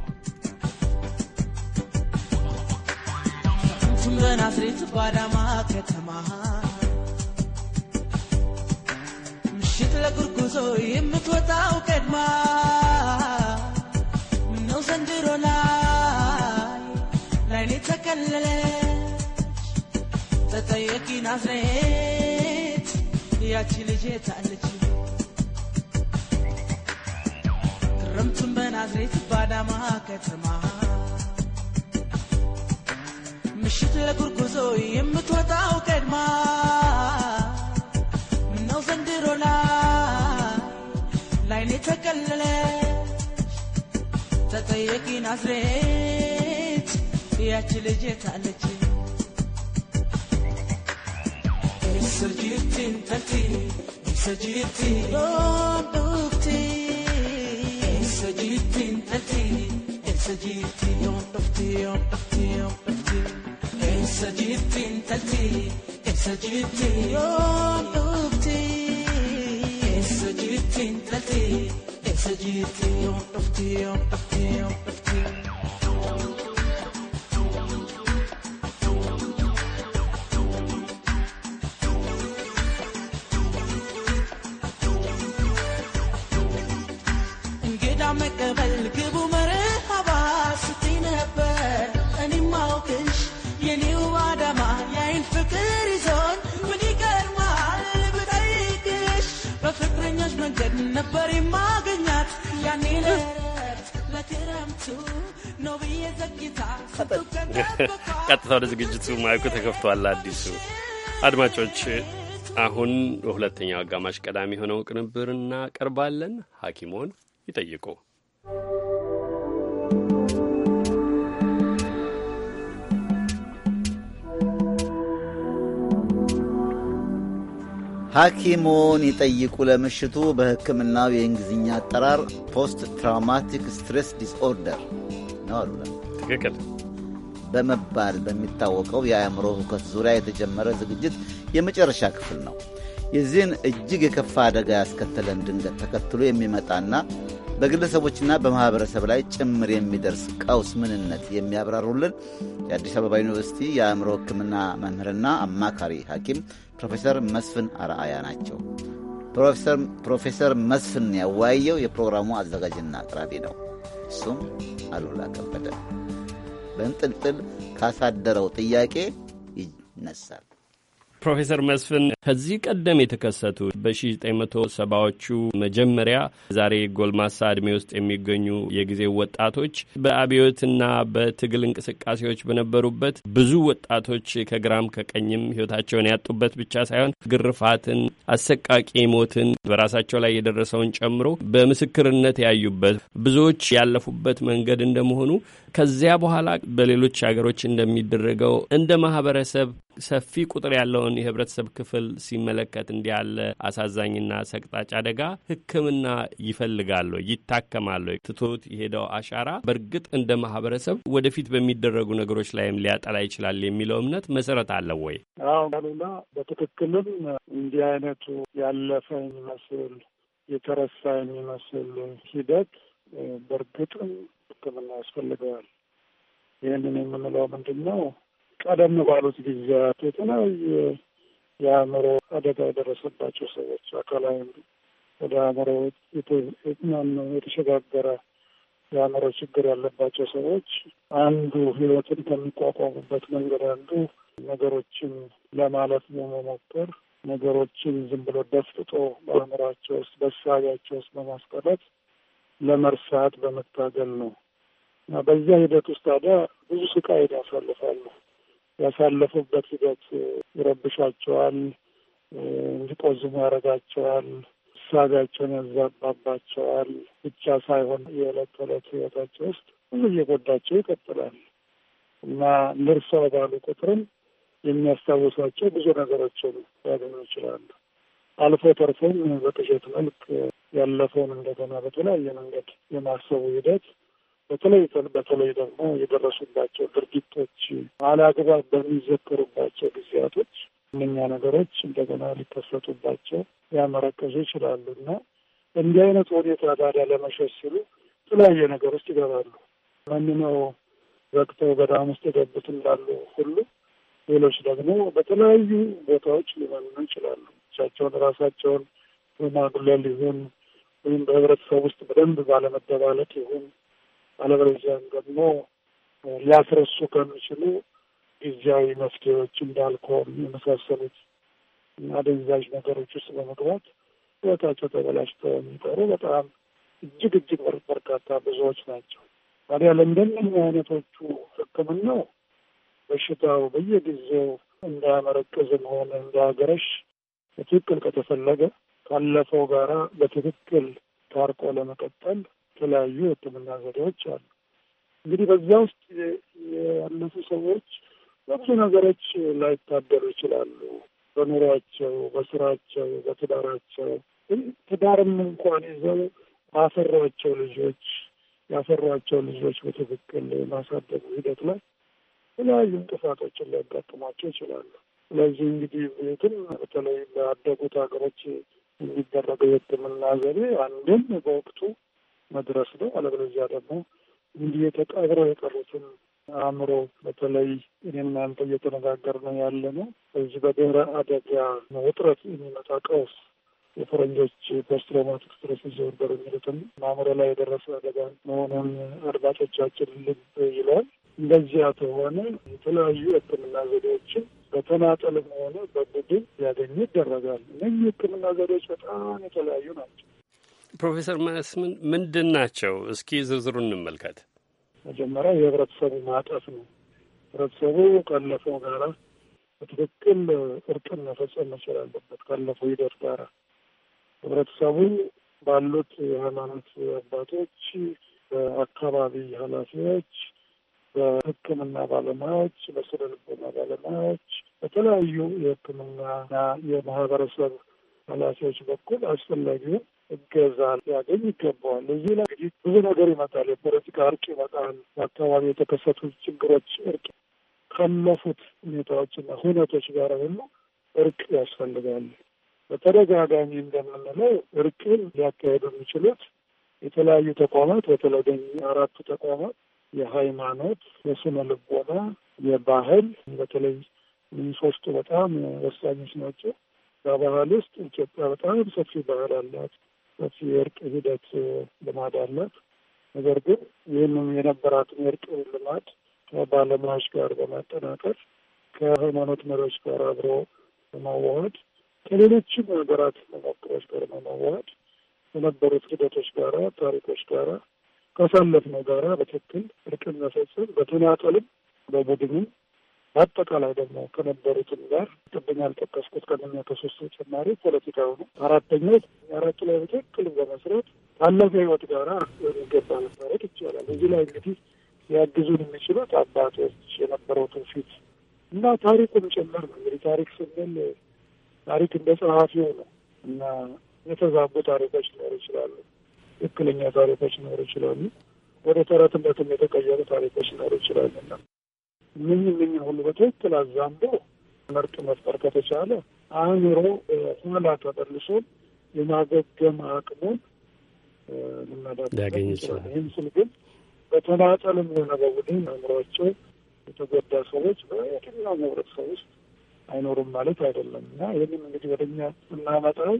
በናዝሬት ባዳማ ከተማ ምሽት ለጉርጉዞ የምትወጣው ቀድማ ነው ዘንድሮና ተገለለች ተጠየቂ ናዝሬት ያቺ ልጄ ታለች ክረምቱን በናዝሬት ባዳማ ከተማ ምሽት ለጉርጉዞ የምትወጣው ቀድማ ምነው ዘንድሮ ላይ ላይኔ ተቀለለች ተጠየቂ ናዝሬት ያች ልጅ ታለች Sajiti, tati, sajiti, don dufti. Sajiti, tati, sajiti, don dufti, don dufti, don dufti. Sajiti, tati, sajiti, don dufti. Sajiti, tati, sajiti, don dufti, don dufti, don dufti. <laughs> ቀጥታ ወደ ዝግጅቱ ማይኩ ተከፍቷል። አዲሱ አድማጮች፣ አሁን በሁለተኛው አጋማሽ ቀዳሚ የሆነው ቅንብር እናቀርባለን። ሐኪሞን ይጠይቁ ሐኪሞን ይጠይቁ ለምሽቱ በሕክምናው የእንግሊዝኛ አጠራር ፖስት ትራውማቲክ ስትሬስ ዲስኦርደር ነው አሉ ትክክል በመባል በሚታወቀው የአእምሮ ሁከት ዙሪያ የተጀመረ ዝግጅት የመጨረሻ ክፍል ነው። የዚህን እጅግ የከፋ አደጋ ያስከተለን ድንገት ተከትሎ የሚመጣና በግለሰቦችና በማህበረሰብ ላይ ጭምር የሚደርስ ቀውስ ምንነት የሚያብራሩልን የአዲስ አበባ ዩኒቨርሲቲ የአእምሮ ሕክምና መምህርና አማካሪ ሐኪም ፕሮፌሰር መስፍን አርአያ ናቸው። ፕሮፌሰር መስፍን ያወያየው የፕሮግራሙ አዘጋጅና አቅራቢ ነው። እሱም አሉላ ከበደ በእንጥልጥል ካሳደረው ጥያቄ ይነሳል። ፕሮፌሰር መስፍን ከዚህ ቀደም የተከሰቱ በ1970ዎቹ መጀመሪያ ዛሬ ጎልማሳ እድሜ ውስጥ የሚገኙ የጊዜው ወጣቶች በአብዮትና በትግል እንቅስቃሴዎች በነበሩበት ብዙ ወጣቶች ከግራም ከቀኝም ህይወታቸውን ያጡበት ብቻ ሳይሆን ግርፋትን፣ አሰቃቂ ሞትን በራሳቸው ላይ የደረሰውን ጨምሮ በምስክርነት ያዩበት ብዙዎች ያለፉበት መንገድ እንደመሆኑ ከዚያ በኋላ በሌሎች ሀገሮች እንደሚደረገው እንደ ማህበረሰብ ሰፊ ቁጥር ያለውን የህብረተሰብ ክፍል ሲመለከት እንዲህ ያለ አሳዛኝና ሰቅጣጭ አደጋ ሕክምና ይፈልጋሉ፣ ይታከማሉ። ትቶት የሄደው አሻራ በእርግጥ እንደ ማህበረሰብ ወደፊት በሚደረጉ ነገሮች ላይም ሊያጠላ ይችላል የሚለው እምነት መሰረት አለው ወይ? አዎ ሉላ በትክክልም እንዲህ አይነቱ ያለፈ የሚመስል የተረሳ የሚመስል ሂደት በእርግጥም ሕክምና ያስፈልገዋል። ይህንን የምንለው ምንድን ነው ቀደም ባሉት ጊዜያት የተለያየ የአእምሮ አደጋ የደረሰባቸው ሰዎች አካላዊ ወደ አእምሮ ማነው የተሸጋገረ የአእምሮ ችግር ያለባቸው ሰዎች አንዱ ህይወትን ከሚቋቋሙበት መንገድ አንዱ ነገሮችን ለማለፍ በመሞከር ነገሮችን ዝም ብሎ ደፍጥጦ በአእምሯቸው ውስጥ በሳቢያቸው ውስጥ በማስቀረት ለመርሳት በመታገል ነው በዚያ ሂደት ውስጥ ታዲያ ብዙ ስቃይ ያሳልፋሉ። ያሳለፉበት ሂደት ይረብሻቸዋል፣ እንዲቆዝሙ ያደርጋቸዋል፣ እሳቢያቸውን ያዛባባቸዋል ብቻ ሳይሆን የዕለት ተዕለት ህይወታቸው ውስጥ ብዙ እየጎዳቸው ይቀጥላል እና ንርሷ ባሉ ቁጥርም የሚያስታውሷቸው ብዙ ነገሮችን ያገኙ ይችላሉ። አልፎ ተርፎም በቅዠት መልክ ያለፈውን እንደገና በተለያየ መንገድ የማሰቡ ሂደት በተለይ በተለይ ደግሞ የደረሱባቸው ድርጊቶች አላግባብ በሚዘክሩባቸው ጊዜያቶች እነኛ ነገሮች እንደገና ሊከሰቱባቸው ሊያመረከዙ ይችላሉ እና እንዲህ አይነት ሁኔታ ታዲያ ለመሸሽ ሲሉ የተለያየ ነገር ውስጥ ይገባሉ። ማንኛው ወቅተው ገዳም ውስጥ የገቡት እንዳሉ ሁሉ ሌሎች ደግሞ በተለያዩ ቦታዎች ሊመኑ ይችላሉ። ብቻቸውን ራሳቸውን በማግለል ይሁን ወይም በህብረተሰብ ውስጥ በደንብ ባለመደባለቅ ይሁን አለበለዚያም ደግሞ ሊያስረሱ ከሚችሉ ጊዜያዊ መፍትሄዎች አልኮል የመሳሰሉት አደንዛዥ ነገሮች ውስጥ በመግባት ህይወታቸው ተበላሽተው የሚቀሩ በጣም እጅግ እጅግ በርካታ ብዙዎች ናቸው። ታዲያ ለእንደነኛ አይነቶቹ ህክምናው በሽታው በየጊዜው እንዳያመረቅዝም ሆነ እንዳያገረሽ በትክክል ከተፈለገ ካለፈው ጋራ በትክክል ታርቆ ለመቀጠል የተለያዩ የሕክምና ዘዴዎች አሉ። እንግዲህ በዚያ ውስጥ ያለፉ ሰዎች በብዙ ነገሮች ላይታደሩ ይችላሉ። በኑሯቸው፣ በስራቸው፣ በትዳራቸው ትዳርም እንኳን ይዘው ባፈሯቸው ልጆች ያፈሯቸው ልጆች በትክክል ማሳደጉ ሂደት ላይ የተለያዩ እንቅፋቶችን ሊያጋጥሟቸው ይችላሉ። ስለዚህ እንግዲህ ቤትም በተለይ በአደጉት ሀገሮች የሚደረገው የሕክምና ዘዴ አንድም በወቅቱ መድረስ ነው። አለበለዚያ ደግሞ እንዲህ የተቀብረው የቀሩትን አእምሮ በተለይ እኔም እናንተ እየተነጋገር ነው ያለ ነው። በዚህ በድህረ አደጋ ውጥረት የሚመጣ ቀውስ የፈረንጆች ፖስት ትራውማቲክ ስትረስ ዲስኦርደር የሚሉትን አእምሮ ላይ የደረሰ አደጋ መሆኑን አድማጮቻችን ልብ ይለዋል። እንደዚያ ከሆነ የተለያዩ ሕክምና ዘዴዎችን በተናጠልም ሆነ በቡድን ያገኙ ይደረጋል። እነዚህ ሕክምና ዘዴዎች በጣም የተለያዩ ናቸው። ፕሮፌሰር መስፍን ምንድን ናቸው? እስኪ ዝርዝሩ እንመልከት። መጀመሪያ የህብረተሰቡ ማጠፍ ነው። ህብረተሰቡ ካለፈው ጋራ በትክክል እርቅን መፈጸም መቻል አለበት። ካለፈው ሂደት ጋራ ህብረተሰቡ ባሉት የሃይማኖት አባቶች፣ በአካባቢ ኃላፊዎች፣ በህክምና ባለሙያዎች፣ በስነ ልቦና ባለሙያዎች፣ በተለያዩ የህክምናና የማህበረሰብ ኃላፊዎች በኩል አስፈላጊውን እገዛ ያገኝ ይገባዋል። እዚህ ላይ እንግዲህ ብዙ ነገር ይመጣል። የፖለቲካ እርቅ ይመጣል። በአካባቢ የተከሰቱ ችግሮች እርቅ ካለፉት ሁኔታዎችና ሁነቶች ጋር ሁሉ እርቅ ያስፈልጋል። በተደጋጋሚ እንደምንለው እርቅን ሊያካሄዱ የሚችሉት የተለያዩ ተቋማት በተለይ አራቱ ተቋማት የሃይማኖት፣ የስነ ልቦና፣ የባህል በተለይ ሶስቱ በጣም ወሳኞች ናቸው። በባህል ውስጥ ኢትዮጵያ በጣም ሰፊ ባህል አላት። ሰፊ የእርቅ ሂደት ልማድ አላት። ነገር ግን ይህንም የነበራትን የእርቅ ልማድ ከባለሙያዎች ጋር በማጠናቀር ከሃይማኖት መሪዎች ጋር አብሮ በማዋሃድ ከሌሎችም ሀገራት መሞክሮች ጋር በማዋሃድ የነበሩት ሂደቶች ጋራ ታሪኮች ጋራ ካሳለፍነው ጋራ በትክክል እርቅን መፈጸም በተናጠልም በቡድንም በአጠቃላይ ደግሞ ከነበሩትም ጋር ቅድም ያልጠቀስኩት ከነኛ ከሶስት ተጨማሪ ፖለቲካ የሆኑ አራተኛው አራቱ ላይ በትክክል በመስራት ካለፈ ህይወት ጋር የሚገባ መሳረት ይቻላል። እዚህ ላይ እንግዲህ ሊያግዙን የሚችሉት አባቶች የነበረው ፊት እና ታሪኩም ጭምር ነው። እንግዲህ ታሪክ ስንል ታሪክ እንደ ጸሐፊው ነው እና የተዛቡ ታሪኮች ሊኖሩ ይችላሉ። ትክክለኛ ታሪኮች ሊኖሩ ይችላሉ። ወደ ተረትነትም የተቀየሩ ታሪኮች ሊኖሩ ይችላሉ። እነኝ እነኝ ሁሉ በትክክል አዛምዶ መርጦ መፍጠር ከተቻለ አእምሮ ኋላ ተመልሶን የማገገም አቅሙን ልናዳግ ይችላል። ይህም ስል ግን በተናጠልም ሆነ በቡድን አእምሯቸው የተጎዳ ሰዎች ህብረተሰብ ውስጥ አይኖሩም ማለት አይደለም እና ይህንም እንግዲህ ስናመጣው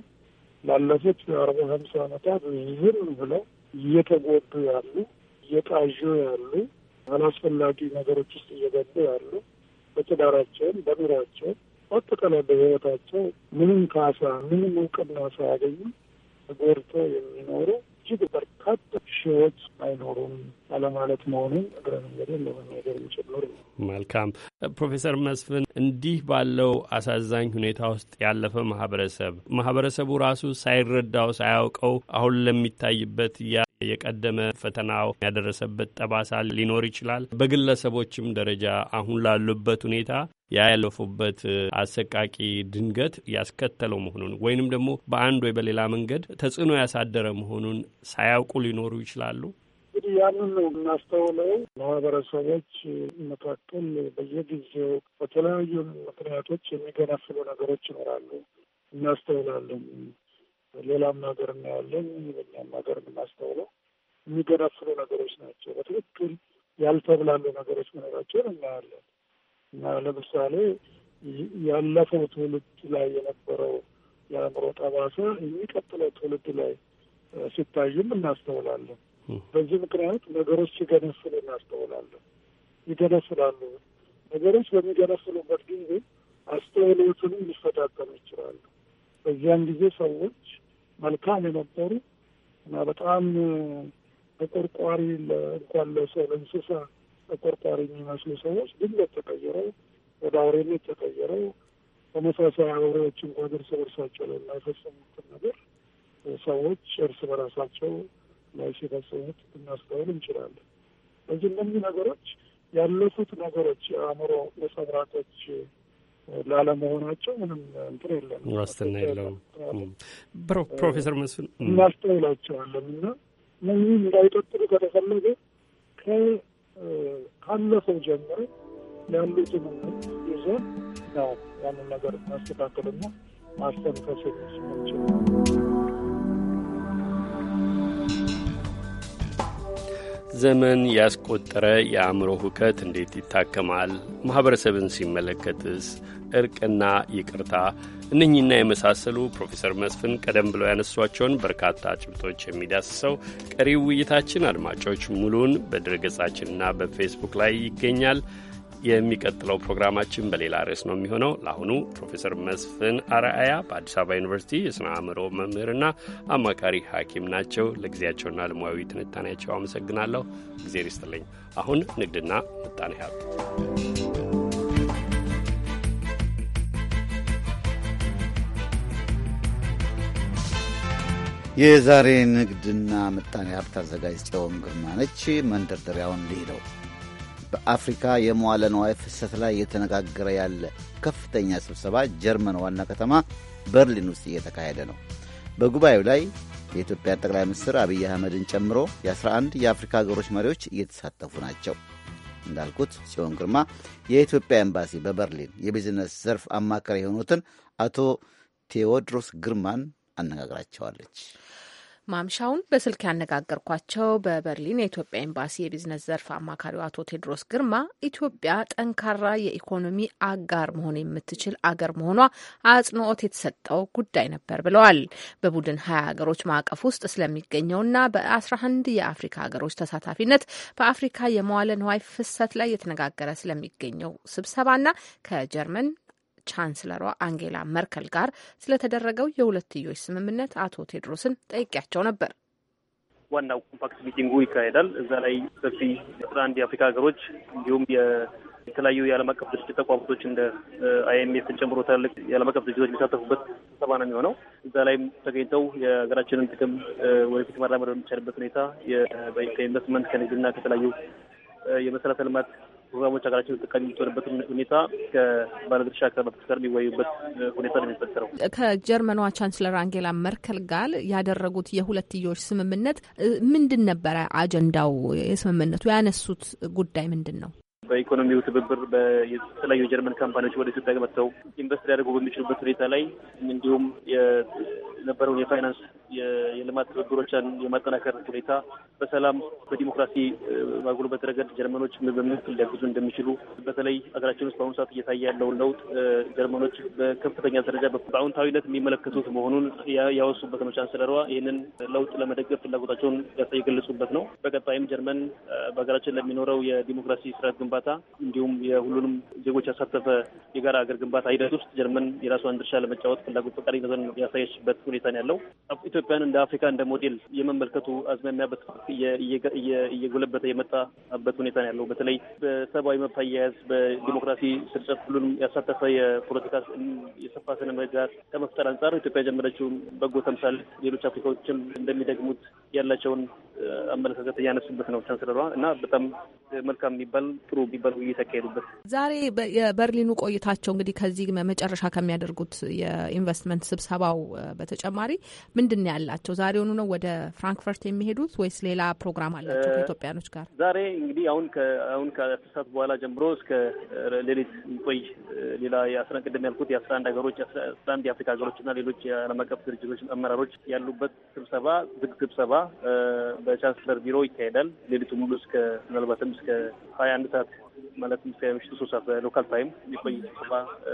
ላለፉት አርባ ሀምሳ ዓመታት ዝም ብለው እየተጎዱ ያሉ እየጣዡ ያሉ አላስፈላጊ ነገሮች ውስጥ እየገቡ ያሉ በትዳራቸውም በኑሯቸው አጠቃላይ በህይወታቸው ምንም ካሳ ምንም እውቅና ሳያገኙ ተጎድተው የሚኖሩ እጅግ በርካታ ሺዎች አይኖሩም አለማለት መሆኑን እግረ መንገዴን ለመናገር የሚችል መልካም። ፕሮፌሰር መስፍን እንዲህ ባለው አሳዛኝ ሁኔታ ውስጥ ያለፈ ማህበረሰብ ማህበረሰቡ ራሱ ሳይረዳው ሳያውቀው አሁን ለሚታይበት ያ የቀደመ ፈተናው ያደረሰበት ጠባሳ ሊኖር ይችላል። በግለሰቦችም ደረጃ አሁን ላሉበት ሁኔታ ያ ያለፉበት አሰቃቂ ድንገት ያስከተለው መሆኑን ወይንም ደግሞ በአንድ ወይ በሌላ መንገድ ተጽዕኖ ያሳደረ መሆኑን ሳያውቁ ሊኖሩ ይችላሉ። እንግዲህ ያንን ነው የምናስተውለው። ማህበረሰቦች መካከል በየጊዜው በተለያዩ ምክንያቶች የሚገነፍሉ ነገሮች ይኖራሉ፣ እናስተውላለን። ሌላም ሀገር እናያለን፣ በኛም ሀገር የምናስተውለው የሚገነፍሉ ነገሮች ናቸው። በትክክል ያልተብላሉ ነገሮች መኖራቸውን እናያለን። እና ለምሳሌ ያለፈው ትውልድ ላይ የነበረው የአእምሮ ጠባሳ የሚቀጥለው ትውልድ ላይ ሲታይም እናስተውላለን። በዚህ ምክንያት ነገሮች ሲገነፍሉ እናስተውላለን። ይገነፍላሉ። ነገሮች በሚገነፍሉበት ጊዜ አስተውሎቱንም ሊፈታተኑ ይችላሉ። በዚያን ጊዜ ሰዎች መልካም የነበሩ እና በጣም ተቆርቋሪ እንኳን ለሰው ለእንስሳ ተቆርቋሪ የሚመስሉ ሰዎች ድንገት ተቀይረው ወደ አውሬነት ተቀይረው ተመሳሳይ አውሬዎች እንኳን እርስ በርሳቸው ላይ የማይፈጽሙትን ነገር ሰዎች እርስ በራሳቸው ላይ ሲፈጽሙት እናስተውል እንችላለን። በዚህ እነዚህ ነገሮች ያለፉት ነገሮች የአእምሮ ነጸብራቆች ላለመሆናቸው ምንም እንትን የለም፣ ዋስትና የለውም። ፕሮፌሰር መስፍን እናስተውላቸዋለን እና እነዚህ እንዳይጠጥሉ ከተፈለገ ካለፈው ጀምሮ ያሉትን ይዘን ያው ያንን ነገር ማስተካከልና ማስተንፈስ የሚችላቸው ዘመን ያስቆጠረ የአእምሮ ሁከት እንዴት ይታከማል? ማኅበረሰብን ሲመለከትስ እርቅና ይቅርታ እነኚህና የመሳሰሉ ፕሮፌሰር መስፍን ቀደም ብለው ያነሷቸውን በርካታ ጭብጦች የሚዳስሰው ቀሪው ውይይታችን አድማጮች ሙሉን በድረገጻችንና በፌስቡክ ላይ ይገኛል። የሚቀጥለው ፕሮግራማችን በሌላ ርዕስ ነው የሚሆነው። ለአሁኑ ፕሮፌሰር መስፍን አርአያ በአዲስ አበባ ዩኒቨርሲቲ የስነ አእምሮ መምህርና አማካሪ ሐኪም ናቸው። ለጊዜያቸውና ለሙያዊ ትንታኔያቸው አመሰግናለሁ። እግዜር ይስጥልኝ። አሁን ንግድና ምጣኔ ሀብት የዛሬ ንግድና ምጣኔ ሀብት አዘጋጅ ጽዮን ግርማ ነች። መንደርደሪያውን ነው። በአፍሪካ የመዋለ ነዋይ ፍሰት ላይ እየተነጋገረ ያለ ከፍተኛ ስብሰባ ጀርመን ዋና ከተማ በርሊን ውስጥ እየተካሄደ ነው። በጉባኤው ላይ የኢትዮጵያ ጠቅላይ ሚኒስትር አብይ አህመድን ጨምሮ የ11 የአፍሪካ ሀገሮች መሪዎች እየተሳተፉ ናቸው። እንዳልኩት ጽዮን ግርማ የኢትዮጵያ ኤምባሲ በበርሊን የቢዝነስ ዘርፍ አማካሪ የሆኑትን አቶ ቴዎድሮስ ግርማን አነጋግራቸዋለች። ማምሻውን በስልክ ያነጋገርኳቸው በበርሊን የኢትዮጵያ ኤምባሲ የቢዝነስ ዘርፍ አማካሪው አቶ ቴድሮስ ግርማ ኢትዮጵያ ጠንካራ የኢኮኖሚ አጋር መሆን የምትችል አገር መሆኗ አጽንኦት የተሰጠው ጉዳይ ነበር ብለዋል። በቡድን ሀያ ሀገሮች ማዕቀፍ ውስጥ ስለሚገኘውና በአስራ አንድ የአፍሪካ ሀገሮች ተሳታፊነት በአፍሪካ የመዋለ ንዋይ ፍሰት ላይ የተነጋገረ ስለሚገኘው ስብሰባና ከጀርመን ቻንስለሯ አንጌላ መርከል ጋር ስለተደረገው የሁለትዮሽ ስምምነት አቶ ቴድሮስን ጠይቄያቸው ነበር። ዋናው ኮምፓክት ሚቲንጉ ይካሄዳል። እዛ ላይ ሰፊ አስራ አንድ የአፍሪካ ሀገሮች እንዲሁም የተለያዩ የዓለም አቀፍ ድርጅት ተቋማቶች እንደ አይኤምኤፍን ጨምሮ ትላልቅ የዓለም አቀፍ ድርጅቶች የሚሳተፉበት ስብሰባ ነው የሚሆነው። እዛ ላይም ተገኝተው የሀገራችንን ጥቅም ወደፊት ማራመድ በሚቻልበት ሁኔታ ከኢንቨስትመንት ከንግድና ከተለያዩ የመሰረተ ልማት ፕሮግራሞች ሀገራችን ተጠቃሚ የምትሆንበትን ሁኔታ ከባለድርሻ አካላት ጋር የሚወያዩበት ሁኔታ ነው የሚፈጠረው። ከጀርመኗ ቻንስለር አንጌላ መርከል ጋር ያደረጉት የሁለትዮሽ ስምምነት ምንድን ነበረ? አጀንዳው የስምምነቱ ያነሱት ጉዳይ ምንድን ነው? በኢኮኖሚው ትብብር በተለያዩ የጀርመን ካምፓኒዎች ወደ ኢትዮጵያ መጥተው ኢንቨስት ሊያደርጉ በሚችሉበት ሁኔታ ላይ እንዲሁም የነበረውን የፋይናንስ የልማት ትብብሮችን የማጠናከር ሁኔታ በሰላም በዲሞክራሲ ማጉልበት ረገድ ጀርመኖች በምክል ሊያግዙ እንደሚችሉ በተለይ ሀገራችን ውስጥ በአሁኑ ሰዓት እየታየ ያለውን ለውጥ ጀርመኖች በከፍተኛ ደረጃ በአውንታዊነት የሚመለከቱት መሆኑን ያወሱበት ነው። ቻንስለሯ ይህንን ለውጥ ለመደገፍ ፍላጎታቸውን የገለጹበት ነው። በቀጣይም ጀርመን በሀገራችን ለሚኖረው የዲሞክራሲ ስርዓት ግንባታ እንዲሁም የሁሉንም ዜጎች ያሳተፈ የጋራ ሀገር ግንባታ ሂደት ውስጥ ጀርመን የራሷን ድርሻ ለመጫወት ፍላጎት ፈቃደኝነትን ያሳየችበት ሁኔታ ነው ያለው። ኢትዮጵያን እንደ አፍሪካ እንደ ሞዴል የመመልከቱ አዝማሚያ በስፋት እየጎለበተ የመጣበት ሁኔታ ነው ያለው። በተለይ በሰብአዊ መብት አያያዝ፣ በዲሞክራሲ ስርጨት ሁሉንም ያሳተፈ የፖለቲካ የሰፋ ስነ ምህዳር ከመፍጠር አንጻር ኢትዮጵያ የጀመረችው በጎ ተምሳሌ ሌሎች አፍሪካዎችም እንደሚደግሙት ያላቸውን አመለካከት እያነሱበት ነው ቻንስለሯ እና በጣም መልካም የሚባል ጥሩ የሚባል ውይይት ያካሄዱበት ዛሬ የበርሊኑ ቆይታቸው እንግዲህ ከዚህ መጨረሻ ከሚያደርጉት የኢንቨስትመንት ስብሰባው በተጨማሪ ምንድን ነው ያላቸው። ዛሬውኑ ነው ወደ ፍራንክፈርት የሚሄዱት ወይስ ሌላ ፕሮግራም አላቸው ከኢትዮጵያኖች ጋር? ዛሬ እንግዲህ አሁን አሁን ከአስር ሰዓት በኋላ ጀምሮ እስከ ሌሊት የሚቆይ ሌላ የአስራ ቅድም ያልኩት የአስራ አንድ ሀገሮች አስራ አንድ የአፍሪካ ሀገሮች እና ሌሎች የዓለም አቀፍ ድርጅቶች አመራሮች ያሉበት ስብሰባ ዝግ ስብሰባ በቻንስለር ቢሮ ይካሄዳል። ሌሊቱ ሙሉ እስከ ምናልባትም እስከ ሀያ አንድ ሰዓት ማለትም ከምሽቱ ሶስት ሰዓት በሎካል ታይም የቆየ ስብሰባ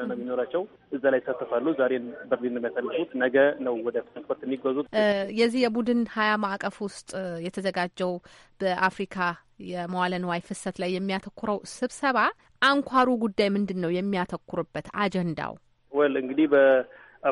ነው የሚኖራቸው። እዛ ላይ ይሳተፋሉ። ዛሬን በርሊን ነው የሚያሳልፉት። ነገ ነው ወደ ፍራንክፈርት የሚጓዙት። የዚህ የቡድን ሀያ ማዕቀፍ ውስጥ የተዘጋጀው በአፍሪካ የመዋለ ንዋይ ፍሰት ላይ የሚያተኩረው ስብሰባ አንኳሩ ጉዳይ ምንድን ነው? የሚያተኩርበት አጀንዳው ወል እንግዲህ በ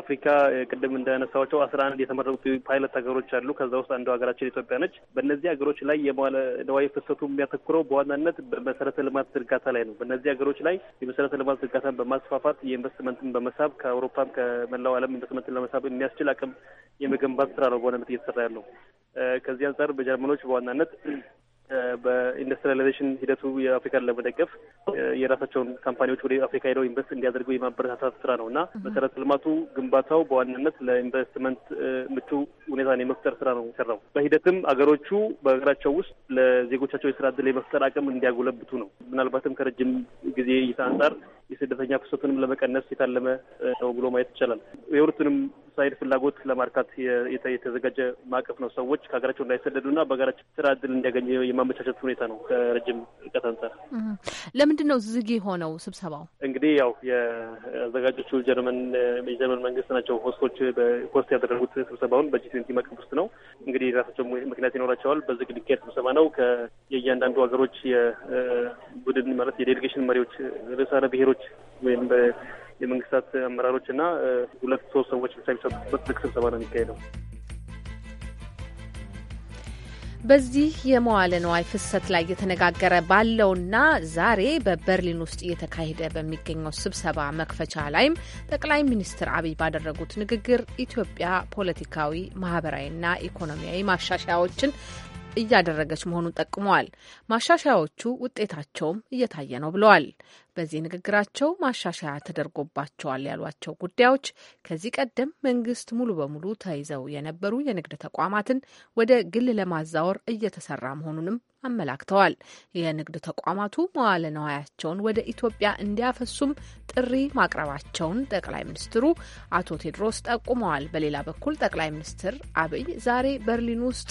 አፍሪካ ቅድም እንደነሳቸው አስራ አንድ የተመረጡ ፓይለት ሀገሮች አሉ። ከዛ ውስጥ አንዱ ሀገራችን ኢትዮጵያ ነች። በእነዚህ ሀገሮች ላይ የመዋለ ነዋይ ፍሰቱ የሚያተኩረው በዋናነት በመሰረተ ልማት ዝርጋታ ላይ ነው። በእነዚህ ሀገሮች ላይ የመሰረተ ልማት ዝርጋታን በማስፋፋት የኢንቨስትመንትን በመሳብ ከአውሮፓም ከመላው ዓለም ኢንቨስትመንትን ለመሳብ የሚያስችል አቅም የመገንባት ስራ ነው በዋናነት እየተሰራ ያለው። ከዚህ አንጻር በጀርመኖች በዋናነት በኢንዱስትሪላይዜሽን ሂደቱ የአፍሪካን ለመደገፍ የራሳቸውን ካምፓኒዎች ወደ አፍሪካ ሄደው ኢንቨስት እንዲያደርጉ የማበረታታት ስራ ነው እና መሰረተ ልማቱ ግንባታው በዋናነት ለኢንቨስትመንት ምቹ ሁኔታን የመፍጠር ስራ ነው የሚሰራው። በሂደትም አገሮቹ በሀገራቸው ውስጥ ለዜጎቻቸው የስራ እድል የመፍጠር አቅም እንዲያጎለብቱ ነው። ምናልባትም ከረጅም ጊዜ እይታ አንጻር የስደተኛ ፍሰቱንም ለመቀነስ የታለመ ነው ብሎ ማየት ይቻላል። የሁለቱንም ሳይድ ፍላጎት ለማርካት የተዘጋጀ ማዕቀፍ ነው። ሰዎች ከሀገራቸው እንዳይሰደዱና በሀገራቸው ስራ እድል እንዲያገኙ የማመቻቸት ሁኔታ ነው። ከረጅም ርቀት አንጻር ለምንድን ነው ዝግ የሆነው ስብሰባው? እንግዲህ ያው የአዘጋጆቹ ጀርመን የጀርመን መንግስት ናቸው። ሆስቶች በሆስት ያደረጉት ስብሰባውን በጂ ትዌንቲ ማዕቀፍ ውስጥ ነው። እንግዲህ የራሳቸው ምክንያት ይኖራቸዋል። በዝግ ሊካሄድ ስብሰባ ነው። የእያንዳንዱ ሀገሮች የቡድን ማለት የዴሌጌሽን መሪዎች ርዕሳነ ብሔሮች ወይም የመንግስታት አመራሮች እና ሁለት ሶስት ሰዎች ብቻ የሚሳተፉበት ልክ ስብሰባ ነው የሚካሄደው። በዚህ የመዋለ ንዋይ ፍሰት ላይ እየተነጋገረ ባለውና ዛሬ በበርሊን ውስጥ እየተካሄደ በሚገኘው ስብሰባ መክፈቻ ላይም ጠቅላይ ሚኒስትር አብይ ባደረጉት ንግግር ኢትዮጵያ ፖለቲካዊ፣ ማህበራዊና ኢኮኖሚያዊ ማሻሻያዎችን እያደረገች መሆኑን ጠቁመዋል። ማሻሻያዎቹ ውጤታቸውም እየታየ ነው ብለዋል። በዚህ ንግግራቸው ማሻሻያ ተደርጎባቸዋል ያሏቸው ጉዳዮች ከዚህ ቀደም መንግስት ሙሉ በሙሉ ተይዘው የነበሩ የንግድ ተቋማትን ወደ ግል ለማዛወር እየተሰራ መሆኑንም አመላክተዋል። የንግድ ተቋማቱ መዋለ ነዋያቸውን ወደ ኢትዮጵያ እንዲያፈሱም ጥሪ ማቅረባቸውን ጠቅላይ ሚኒስትሩ አቶ ቴድሮስ ጠቁመዋል። በሌላ በኩል ጠቅላይ ሚኒስትር አብይ ዛሬ በርሊን ውስጥ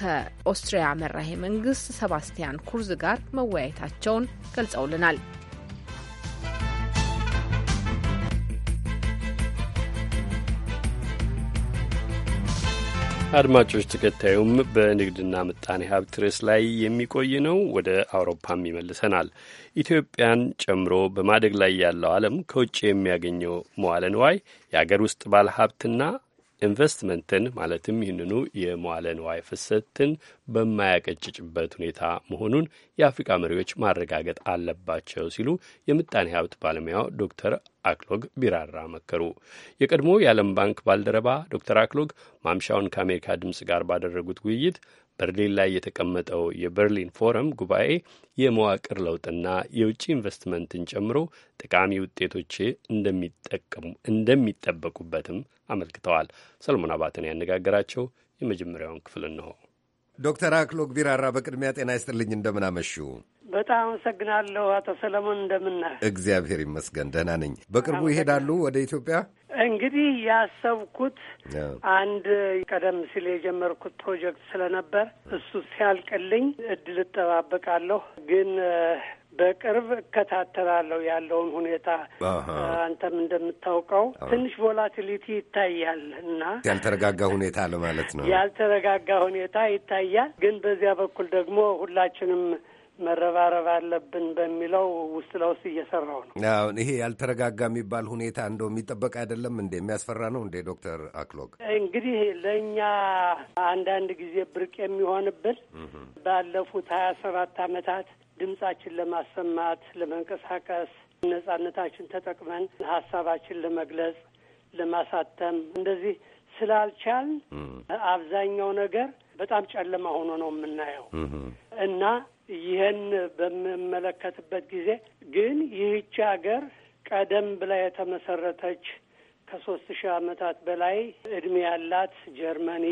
ከኦስትሪያ መራሄ መንግስት ሰባስቲያን ኩርዝ ጋር መወያየታቸውን ገልጸውልናል። አድማጮች ተከታዩም በንግድና ምጣኔ ሀብት ርዕስ ላይ የሚቆይ ነው። ወደ አውሮፓም ይመልሰናል። ኢትዮጵያን ጨምሮ በማደግ ላይ ያለው ዓለም ከውጭ የሚያገኘው መዋለ ንዋይ የአገር ውስጥ ሀብትና ኢንቨስትመንትን ማለትም ይህንኑ የመዋለ ንዋይ ፍሰትን በማያቀጭጭበት ሁኔታ መሆኑን የአፍሪካ መሪዎች ማረጋገጥ አለባቸው ሲሉ የምጣኔ ሀብት ባለሙያው ዶክተር አክሎግ ቢራራ መከሩ። የቀድሞ የዓለም ባንክ ባልደረባ ዶክተር አክሎግ ማምሻውን ከአሜሪካ ድምፅ ጋር ባደረጉት ውይይት በርሊን ላይ የተቀመጠው የበርሊን ፎረም ጉባኤ የመዋቅር ለውጥና የውጭ ኢንቨስትመንትን ጨምሮ ጠቃሚ ውጤቶች እንደሚጠበቁበትም አመልክተዋል። ሰለሞን አባተን ያነጋገራቸው የመጀመሪያውን ክፍል እንሆ። ዶክተር አክሎግ ቢራራ በቅድሚያ ጤና ይስጥልኝ፣ እንደምን አመሹ? በጣም አመሰግናለሁ አቶ ሰለሞን፣ እንደምና እግዚአብሔር ይመስገን ደህና ነኝ። በቅርቡ ይሄዳሉ ወደ ኢትዮጵያ? እንግዲህ ያሰብኩት አንድ ቀደም ሲል የጀመርኩት ፕሮጀክት ስለነበር እሱ ሲያልቅልኝ እድል እጠባበቃለሁ። ግን በቅርብ እከታተላለሁ ያለውን ሁኔታ። አንተም እንደምታውቀው ትንሽ ቮላቲሊቲ ይታያል እና ያልተረጋጋ ሁኔታ ለማለት ነው። ያልተረጋጋ ሁኔታ ይታያል። ግን በዚያ በኩል ደግሞ ሁላችንም መረባረብ አለብን በሚለው ውስጥ ለውስጥ እየሰራው ነው። ይሄ ያልተረጋጋ የሚባል ሁኔታ እንደው የሚጠበቅ አይደለም እንዴ? የሚያስፈራ ነው እንዴ? ዶክተር አክሎግ እንግዲህ ለእኛ አንዳንድ ጊዜ ብርቅ የሚሆንብን ባለፉት ሀያ ሰባት አመታት ድምጻችን ለማሰማት፣ ለመንቀሳቀስ፣ ነጻነታችን ተጠቅመን ሀሳባችን ለመግለጽ፣ ለማሳተም እንደዚህ ስላልቻል አብዛኛው ነገር በጣም ጨለማ ሆኖ ነው የምናየው እና ይህን በምመለከትበት ጊዜ ግን ይህች ሀገር ቀደም ብላ የተመሰረተች ከሶስት ሺህ ዓመታት በላይ እድሜ ያላት ጀርመኒ፣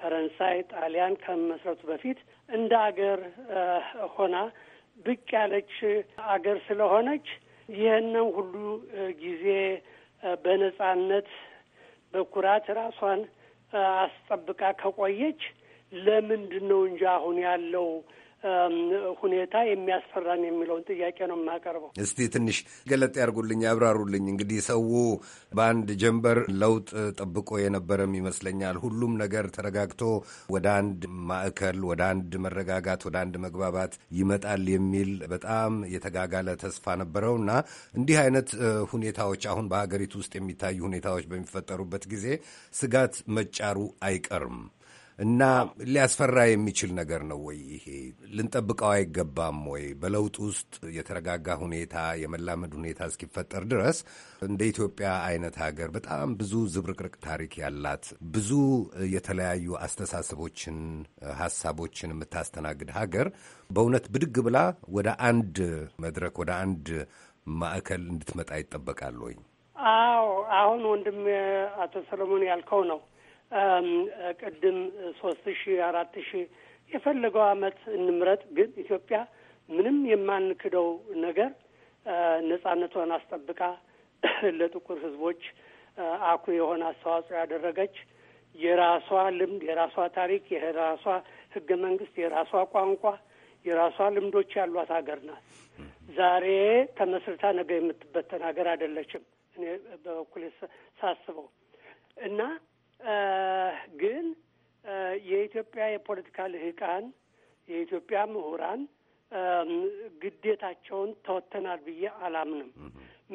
ፈረንሳይ፣ ጣሊያን ከመመስረቱ በፊት እንደ አገር ሆና ብቅ ያለች አገር ስለሆነች ይህንም ሁሉ ጊዜ በነጻነት በኩራት ራሷን አስጠብቃ ከቆየች ለምንድን ነው እንጂ አሁን ያለው ሁኔታ የሚያስፈራን የሚለውን ጥያቄ ነው የማቀርበው። እስቲ ትንሽ ገለጥ ያርጉልኝ፣ ያብራሩልኝ። እንግዲህ ሰው በአንድ ጀንበር ለውጥ ጠብቆ የነበረም ይመስለኛል። ሁሉም ነገር ተረጋግቶ ወደ አንድ ማዕከል፣ ወደ አንድ መረጋጋት፣ ወደ አንድ መግባባት ይመጣል የሚል በጣም የተጋጋለ ተስፋ ነበረው እና እንዲህ አይነት ሁኔታዎች አሁን በሀገሪቱ ውስጥ የሚታዩ ሁኔታዎች በሚፈጠሩበት ጊዜ ስጋት መጫሩ አይቀርም። እና ሊያስፈራ የሚችል ነገር ነው ወይ? ይሄ ልንጠብቀው አይገባም ወይ? በለውጥ ውስጥ የተረጋጋ ሁኔታ የመላመድ ሁኔታ እስኪፈጠር ድረስ እንደ ኢትዮጵያ አይነት ሀገር በጣም ብዙ ዝብርቅርቅ ታሪክ ያላት ብዙ የተለያዩ አስተሳሰቦችን፣ ሀሳቦችን የምታስተናግድ ሀገር በእውነት ብድግ ብላ ወደ አንድ መድረክ ወደ አንድ ማዕከል እንድትመጣ ይጠበቃል ወይ? አዎ አሁን ወንድም አቶ ሰለሞን ያልከው ነው ቅድም ሶስት ሺ አራት ሺ የፈለገው አመት እንምረጥ፣ ግን ኢትዮጵያ ምንም የማንክደው ነገር ነጻነቷን አስጠብቃ <clears throat> ለጥቁር ህዝቦች አኩ የሆነ አስተዋጽኦ ያደረገች የራሷ ልምድ፣ የራሷ ታሪክ፣ የራሷ ህገ መንግስት፣ የራሷ ቋንቋ፣ የራሷ ልምዶች ያሏት ሀገር ናት። ዛሬ ተመስርታ ነገ የምትበተን ሀገር አይደለችም። እኔ በበኩል ሳስበው እና ግን የኢትዮጵያ የፖለቲካ ልህቃን የኢትዮጵያ ምሁራን ግዴታቸውን ተወጥተናል ብዬ አላምንም።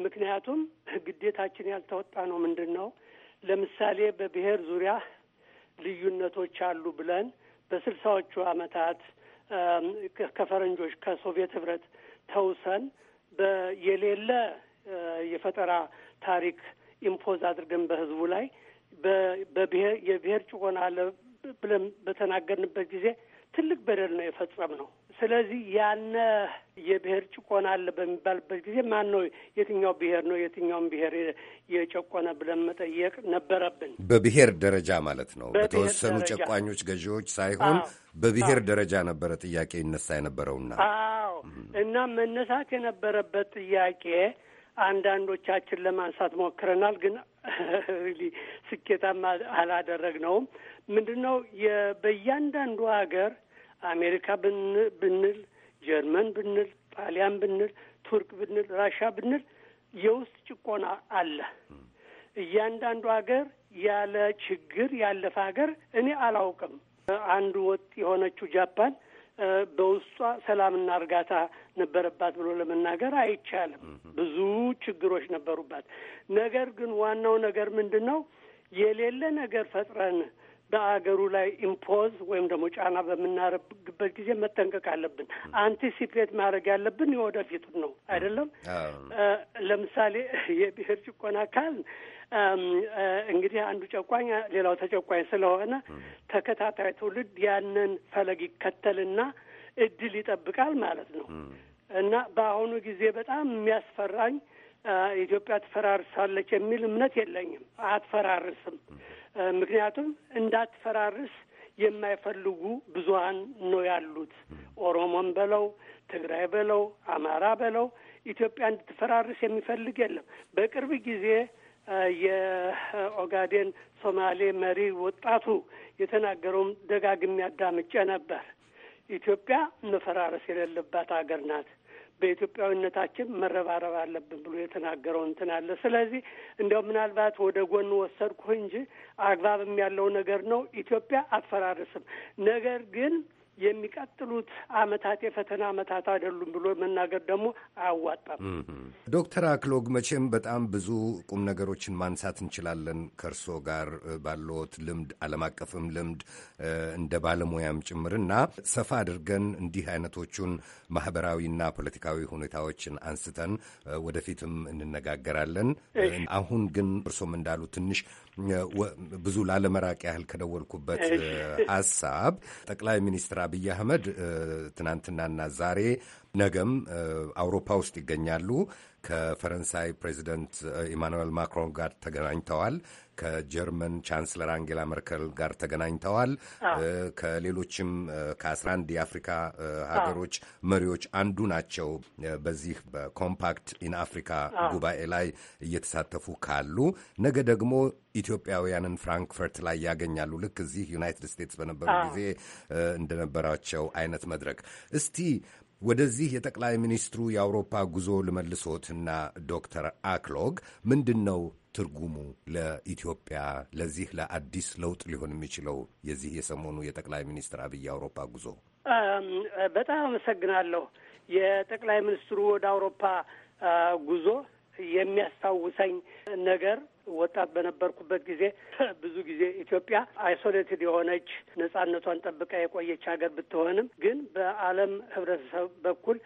ምክንያቱም ግዴታችን ያልተወጣ ነው ምንድን ነው? ለምሳሌ በብሔር ዙሪያ ልዩነቶች አሉ ብለን በስልሳዎቹ ዓመታት ከፈረንጆች ከሶቪየት ህብረት ተውሰን የሌለ የፈጠራ ታሪክ ኢምፖዝ አድርገን በህዝቡ ላይ የብሔር ጭቆና አለ ብለን በተናገርንበት ጊዜ ትልቅ በደል ነው የፈጸም ነው። ስለዚህ ያነ የብሔር ጭቆና አለ በሚባልበት ጊዜ ማን ነው የትኛው ብሔር ነው የትኛውን ብሔር የጨቆነ ብለን መጠየቅ ነበረብን። በብሔር ደረጃ ማለት ነው። በተወሰኑ ጨቋኞች ገዢዎች ሳይሆን በብሔር ደረጃ ነበረ ጥያቄ ይነሳ የነበረውና አዎ እና መነሳት የነበረበት ጥያቄ አንዳንዶቻችን ለማንሳት ሞክረናል፣ ግን <laughs> ስኬታማ አላደረግነውም። ምንድን ነው በእያንዳንዱ ሀገር አሜሪካ ብንል፣ ጀርመን ብንል፣ ጣሊያን ብንል፣ ቱርክ ብንል፣ ራሻ ብንል የውስጥ ጭቆና አለ። እያንዳንዱ ሀገር ያለ ችግር ያለፈ ሀገር እኔ አላውቅም። አንዱ ወጥ የሆነችው ጃፓን በውስጧ ሰላምና እርጋታ ነበረባት ብሎ ለመናገር አይቻልም። ብዙ ችግሮች ነበሩባት። ነገር ግን ዋናው ነገር ምንድን ነው? የሌለ ነገር ፈጥረን በአገሩ ላይ ኢምፖዝ ወይም ደግሞ ጫና በምናረግበት ጊዜ መጠንቀቅ አለብን። አንቲሲፔት ማድረግ ያለብን የወደፊቱ ነው አይደለም። ለምሳሌ <laughs> የብሔር ጭቆና ካል እንግዲህ አንዱ ጨቋኝ ሌላው ተጨቋኝ ስለሆነ ተከታታይ ትውልድ ያንን ፈለግ ይከተልና እድል ይጠብቃል ማለት ነው እና በአሁኑ ጊዜ በጣም የሚያስፈራኝ ኢትዮጵያ ትፈራርሳለች የሚል እምነት የለኝም። አትፈራርስም። ምክንያቱም እንዳትፈራርስ የማይፈልጉ ብዙሀን ነው ያሉት። ኦሮሞን በለው ትግራይ በለው አማራ በለው ኢትዮጵያ እንድትፈራርስ የሚፈልግ የለም። በቅርብ ጊዜ የኦጋዴን ሶማሌ መሪ ወጣቱ የተናገረውም ደጋግሜ አዳምጬ ነበር። ኢትዮጵያ መፈራረስ የሌለባት ሀገር ናት። በኢትዮጵያዊነታችን መረባረብ አለብን ብሎ የተናገረው እንትን አለ። ስለዚህ እንደው ምናልባት ወደ ጎን ወሰድኩ እንጂ አግባብም ያለው ነገር ነው። ኢትዮጵያ አትፈራርስም። ነገር ግን የሚቀጥሉት አመታት የፈተና አመታት አይደሉም ብሎ መናገር ደግሞ አያዋጣም። ዶክተር አክሎግ መቼም በጣም ብዙ ቁም ነገሮችን ማንሳት እንችላለን ከእርሶ ጋር ባለዎት ልምድ፣ ዓለም አቀፍም ልምድ እንደ ባለሙያም ጭምርና ሰፋ አድርገን እንዲህ አይነቶቹን ማህበራዊና ፖለቲካዊ ሁኔታዎችን አንስተን ወደፊትም እንነጋገራለን። አሁን ግን እርስዎም እንዳሉ ትንሽ ብዙ ላለመራቅ ያህል ከደወልኩበት ሀሳብ ጠቅላይ ሚኒስትር አብይ አህመድ ትናንትናና ዛሬ ነገም አውሮፓ ውስጥ ይገኛሉ። ከፈረንሳይ ፕሬዚደንት ኢማኑዌል ማክሮን ጋር ተገናኝተዋል። ከጀርመን ቻንስለር አንጌላ መርከል ጋር ተገናኝተዋል። ከሌሎችም ከ11 የአፍሪካ ሀገሮች መሪዎች አንዱ ናቸው። በዚህ በኮምፓክት ኢን አፍሪካ ጉባኤ ላይ እየተሳተፉ ካሉ ነገ ደግሞ ኢትዮጵያውያንን ፍራንክፈርት ላይ ያገኛሉ። ልክ እዚህ ዩናይትድ ስቴትስ በነበሩ ጊዜ እንደነበራቸው አይነት መድረክ እስቲ ወደዚህ የጠቅላይ ሚኒስትሩ የአውሮፓ ጉዞ ልመልሶትና ዶክተር አክሎግ ምንድን ነው ትርጉሙ ለኢትዮጵያ ለዚህ ለአዲስ ለውጥ ሊሆን የሚችለው የዚህ የሰሞኑ የጠቅላይ ሚኒስትር አብይ አውሮፓ ጉዞ? በጣም አመሰግናለሁ። የጠቅላይ ሚኒስትሩ ወደ አውሮፓ ጉዞ የሚያስታውሰኝ ነገር ወጣት በነበርኩበት ጊዜ <clears throat> ብዙ ጊዜ ኢትዮጵያ አይሶሌትድ የሆነች ነጻነቷን ጠብቃ የቆየች ሀገር ብትሆንም ግን በዓለም ህብረተሰብ በኩል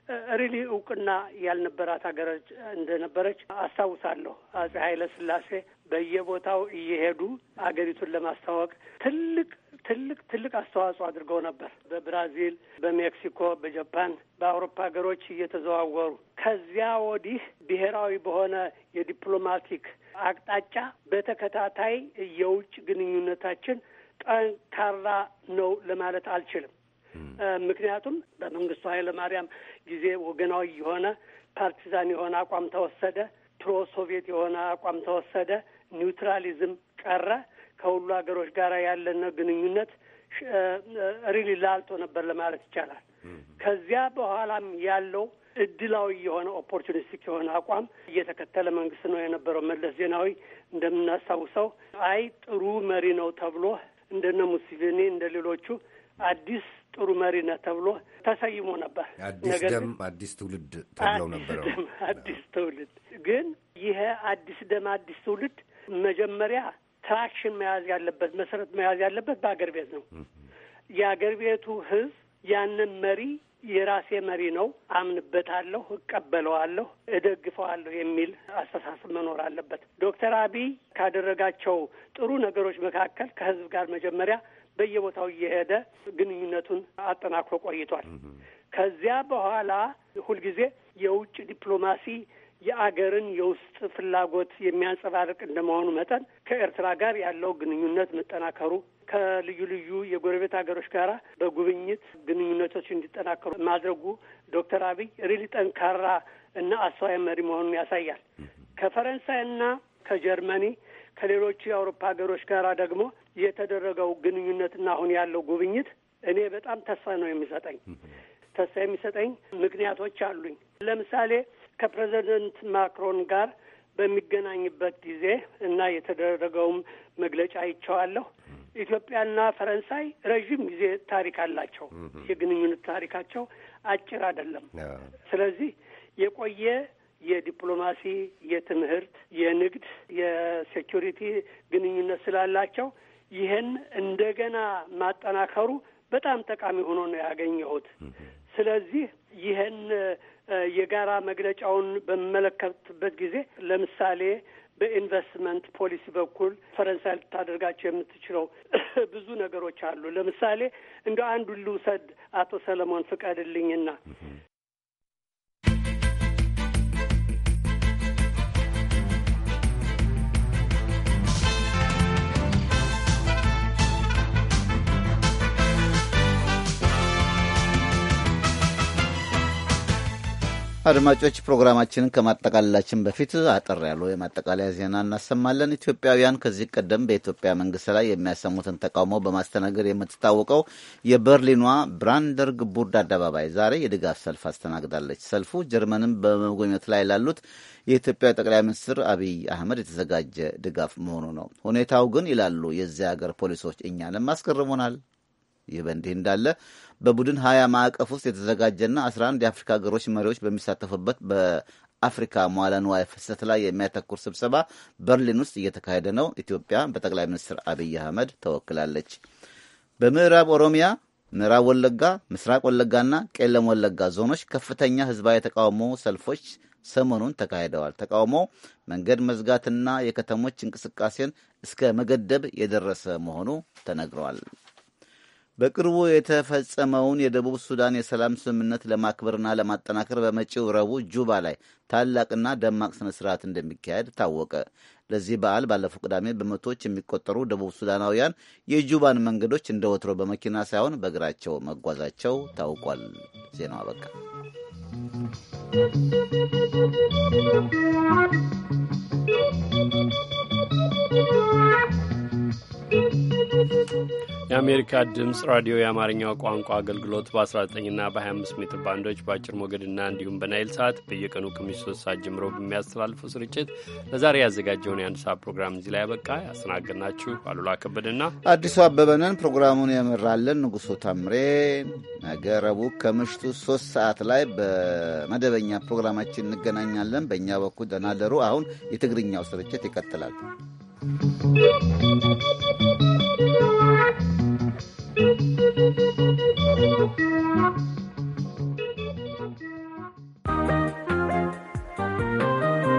ሪሊ እውቅና ያልነበራት ሀገር እንደነበረች አስታውሳለሁ። አጼ ኃይለ ስላሴ በየቦታው እየሄዱ አገሪቱን ለማስተዋወቅ ትልቅ ትልቅ ትልቅ አስተዋጽኦ አድርገው ነበር። በብራዚል፣ በሜክሲኮ፣ በጃፓን፣ በአውሮፓ ሀገሮች እየተዘዋወሩ ከዚያ ወዲህ ብሔራዊ በሆነ የዲፕሎማቲክ አቅጣጫ በተከታታይ የውጭ ግንኙነታችን ጠንካራ ነው ለማለት አልችልም። ምክንያቱም በመንግስቱ ኃይለ ማርያም ጊዜ ወገናዊ የሆነ ፓርቲዛን የሆነ አቋም ተወሰደ። ፕሮ ሶቪየት የሆነ አቋም ተወሰደ። ኒውትራሊዝም ቀረ። ከሁሉ ሀገሮች ጋር ያለን ግንኙነት ሪሊ ላልቶ ነበር ለማለት ይቻላል። ከዚያ በኋላም ያለው እድላዊ የሆነ ኦፖርቹኒስቲክ የሆነ አቋም እየተከተለ መንግስት ነው የነበረው። መለስ ዜናዊ እንደምናስታውሰው አይ ጥሩ መሪ ነው ተብሎ እንደነ ሙሲቪኒ እንደ ሌሎቹ አዲስ ጥሩ መሪ ነህ ተብሎ ተሰይሞ ነበር። አዲስ ደም አዲስ ትውልድ ተብለው ነበረ። አዲስ ትውልድ ግን ይሄ አዲስ ደም አዲስ ትውልድ መጀመሪያ ትራክሽን መያዝ ያለበት መሰረት መያዝ ያለበት በአገር ቤት ነው። የአገር ቤቱ ህዝብ ያንን መሪ የራሴ መሪ ነው፣ አምንበታለሁ፣ እቀበለዋለሁ፣ እደግፈዋለሁ የሚል አስተሳሰብ መኖር አለበት። ዶክተር አብይ ካደረጋቸው ጥሩ ነገሮች መካከል ከህዝብ ጋር መጀመሪያ በየቦታው እየሄደ ግንኙነቱን አጠናክሮ ቆይቷል። ከዚያ በኋላ ሁልጊዜ የውጭ ዲፕሎማሲ የአገርን የውስጥ ፍላጎት የሚያንጸባርቅ እንደመሆኑ መጠን ከኤርትራ ጋር ያለው ግንኙነት መጠናከሩ ከልዩ ልዩ የጎረቤት ሀገሮች ጋር በጉብኝት ግንኙነቶች እንዲጠናከሩ ማድረጉ ዶክተር አብይ ሪሊ ጠንካራ እና አስተዋይ መሪ መሆኑን ያሳያል። ከፈረንሳይና ከጀርመኒ ከሌሎቹ የአውሮፓ ሀገሮች ጋር ደግሞ የተደረገው ግንኙነትና አሁን ያለው ጉብኝት እኔ በጣም ተስፋ ነው የሚሰጠኝ ተስፋ የሚሰጠኝ ምክንያቶች አሉኝ። ለምሳሌ ከፕሬዚደንት ማክሮን ጋር በሚገናኝበት ጊዜ እና የተደረገውም መግለጫ አይቸዋለሁ። ኢትዮጵያና ፈረንሳይ ረዥም ጊዜ ታሪክ አላቸው። የግንኙነት ታሪካቸው አጭር አይደለም። ስለዚህ የቆየ የዲፕሎማሲ፣ የትምህርት፣ የንግድ፣ የሴኪሪቲ ግንኙነት ስላላቸው ይህን እንደገና ማጠናከሩ በጣም ጠቃሚ ሆኖ ነው ያገኘሁት። ስለዚህ ይህን የጋራ መግለጫውን በምመለከትበት ጊዜ ለምሳሌ በኢንቨስትመንት ፖሊሲ በኩል ፈረንሳይ ልታደርጋቸው የምትችለው <clears throat> ብዙ ነገሮች አሉ። ለምሳሌ እንደ አንዱ ልውሰድ፣ አቶ ሰለሞን ፍቀድልኝና አድማጮች ፕሮግራማችንን ከማጠቃለላችን በፊት አጠር ያለው የማጠቃለያ ዜና እናሰማለን። ኢትዮጵያውያን ከዚህ ቀደም በኢትዮጵያ መንግስት ላይ የሚያሰሙትን ተቃውሞ በማስተናገድ የምትታወቀው የበርሊኗ ብራንደርግ ቡርድ አደባባይ ዛሬ የድጋፍ ሰልፍ አስተናግዳለች። ሰልፉ ጀርመንን በመጎብኘት ላይ ላሉት የኢትዮጵያ ጠቅላይ ሚኒስትር አብይ አህመድ የተዘጋጀ ድጋፍ መሆኑ ነው። ሁኔታው ግን ይላሉ የዚያ ሀገር ፖሊሶች እኛንም አስገርሞናል ይህ በእንዲህ እንዳለ በቡድን ሀያ ማዕቀፍ ውስጥ የተዘጋጀና አንድ የአፍሪካ ሀገሮች መሪዎች በሚሳተፉበት በአፍሪካ መዋለ ንዋይ ፍሰት ላይ የሚያተኩር ስብሰባ በርሊን ውስጥ እየተካሄደ ነው። ኢትዮጵያ በጠቅላይ ሚኒስትር አብይ አህመድ ተወክላለች። በምዕራብ ኦሮሚያ፣ ምዕራብ ወለጋ፣ ምስራቅ ወለጋና ቄለም ወለጋ ዞኖች ከፍተኛ ህዝባዊ የተቃውሞ ሰልፎች ሰሞኑን ተካሂደዋል። ተቃውሞ መንገድ መዝጋትና የከተሞች እንቅስቃሴን እስከ መገደብ የደረሰ መሆኑ ተነግረዋል። በቅርቡ የተፈጸመውን የደቡብ ሱዳን የሰላም ስምምነት ለማክበርና ለማጠናከር በመጪው ረቡዕ ጁባ ላይ ታላቅና ደማቅ ስነ ስርዓት እንደሚካሄድ ታወቀ። ለዚህ በዓል ባለፈው ቅዳሜ በመቶዎች የሚቆጠሩ ደቡብ ሱዳናውያን የጁባን መንገዶች እንደ ወትሮ በመኪና ሳይሆን በእግራቸው መጓዛቸው ታውቋል። ዜናው አበቃ። የአሜሪካ ድምፅ ራዲዮ የአማርኛው ቋንቋ አገልግሎት በ19ና በ25 ሜትር ባንዶች በአጭር ሞገድና እንዲሁም በናይል ሰዓት በየቀኑ ከምሽቱ ሶስት ሰዓት ጀምሮ በሚያስተላልፈው ስርጭት ለዛሬ ያዘጋጀውን የአንድ ሰዓት ፕሮግራም እዚህ ላይ ያበቃ። ያስተናገድናችሁ አሉላ ከበደና አዲሱ አበበነን። ፕሮግራሙን የምራለን ንጉሱ ታምሬ። ነገ ረቡዕ ከምሽቱ ሶስት ሰዓት ላይ በመደበኛ ፕሮግራማችን እንገናኛለን። በእኛ በኩል ደናደሩ። አሁን የትግርኛው ስርጭት ይቀጥላል።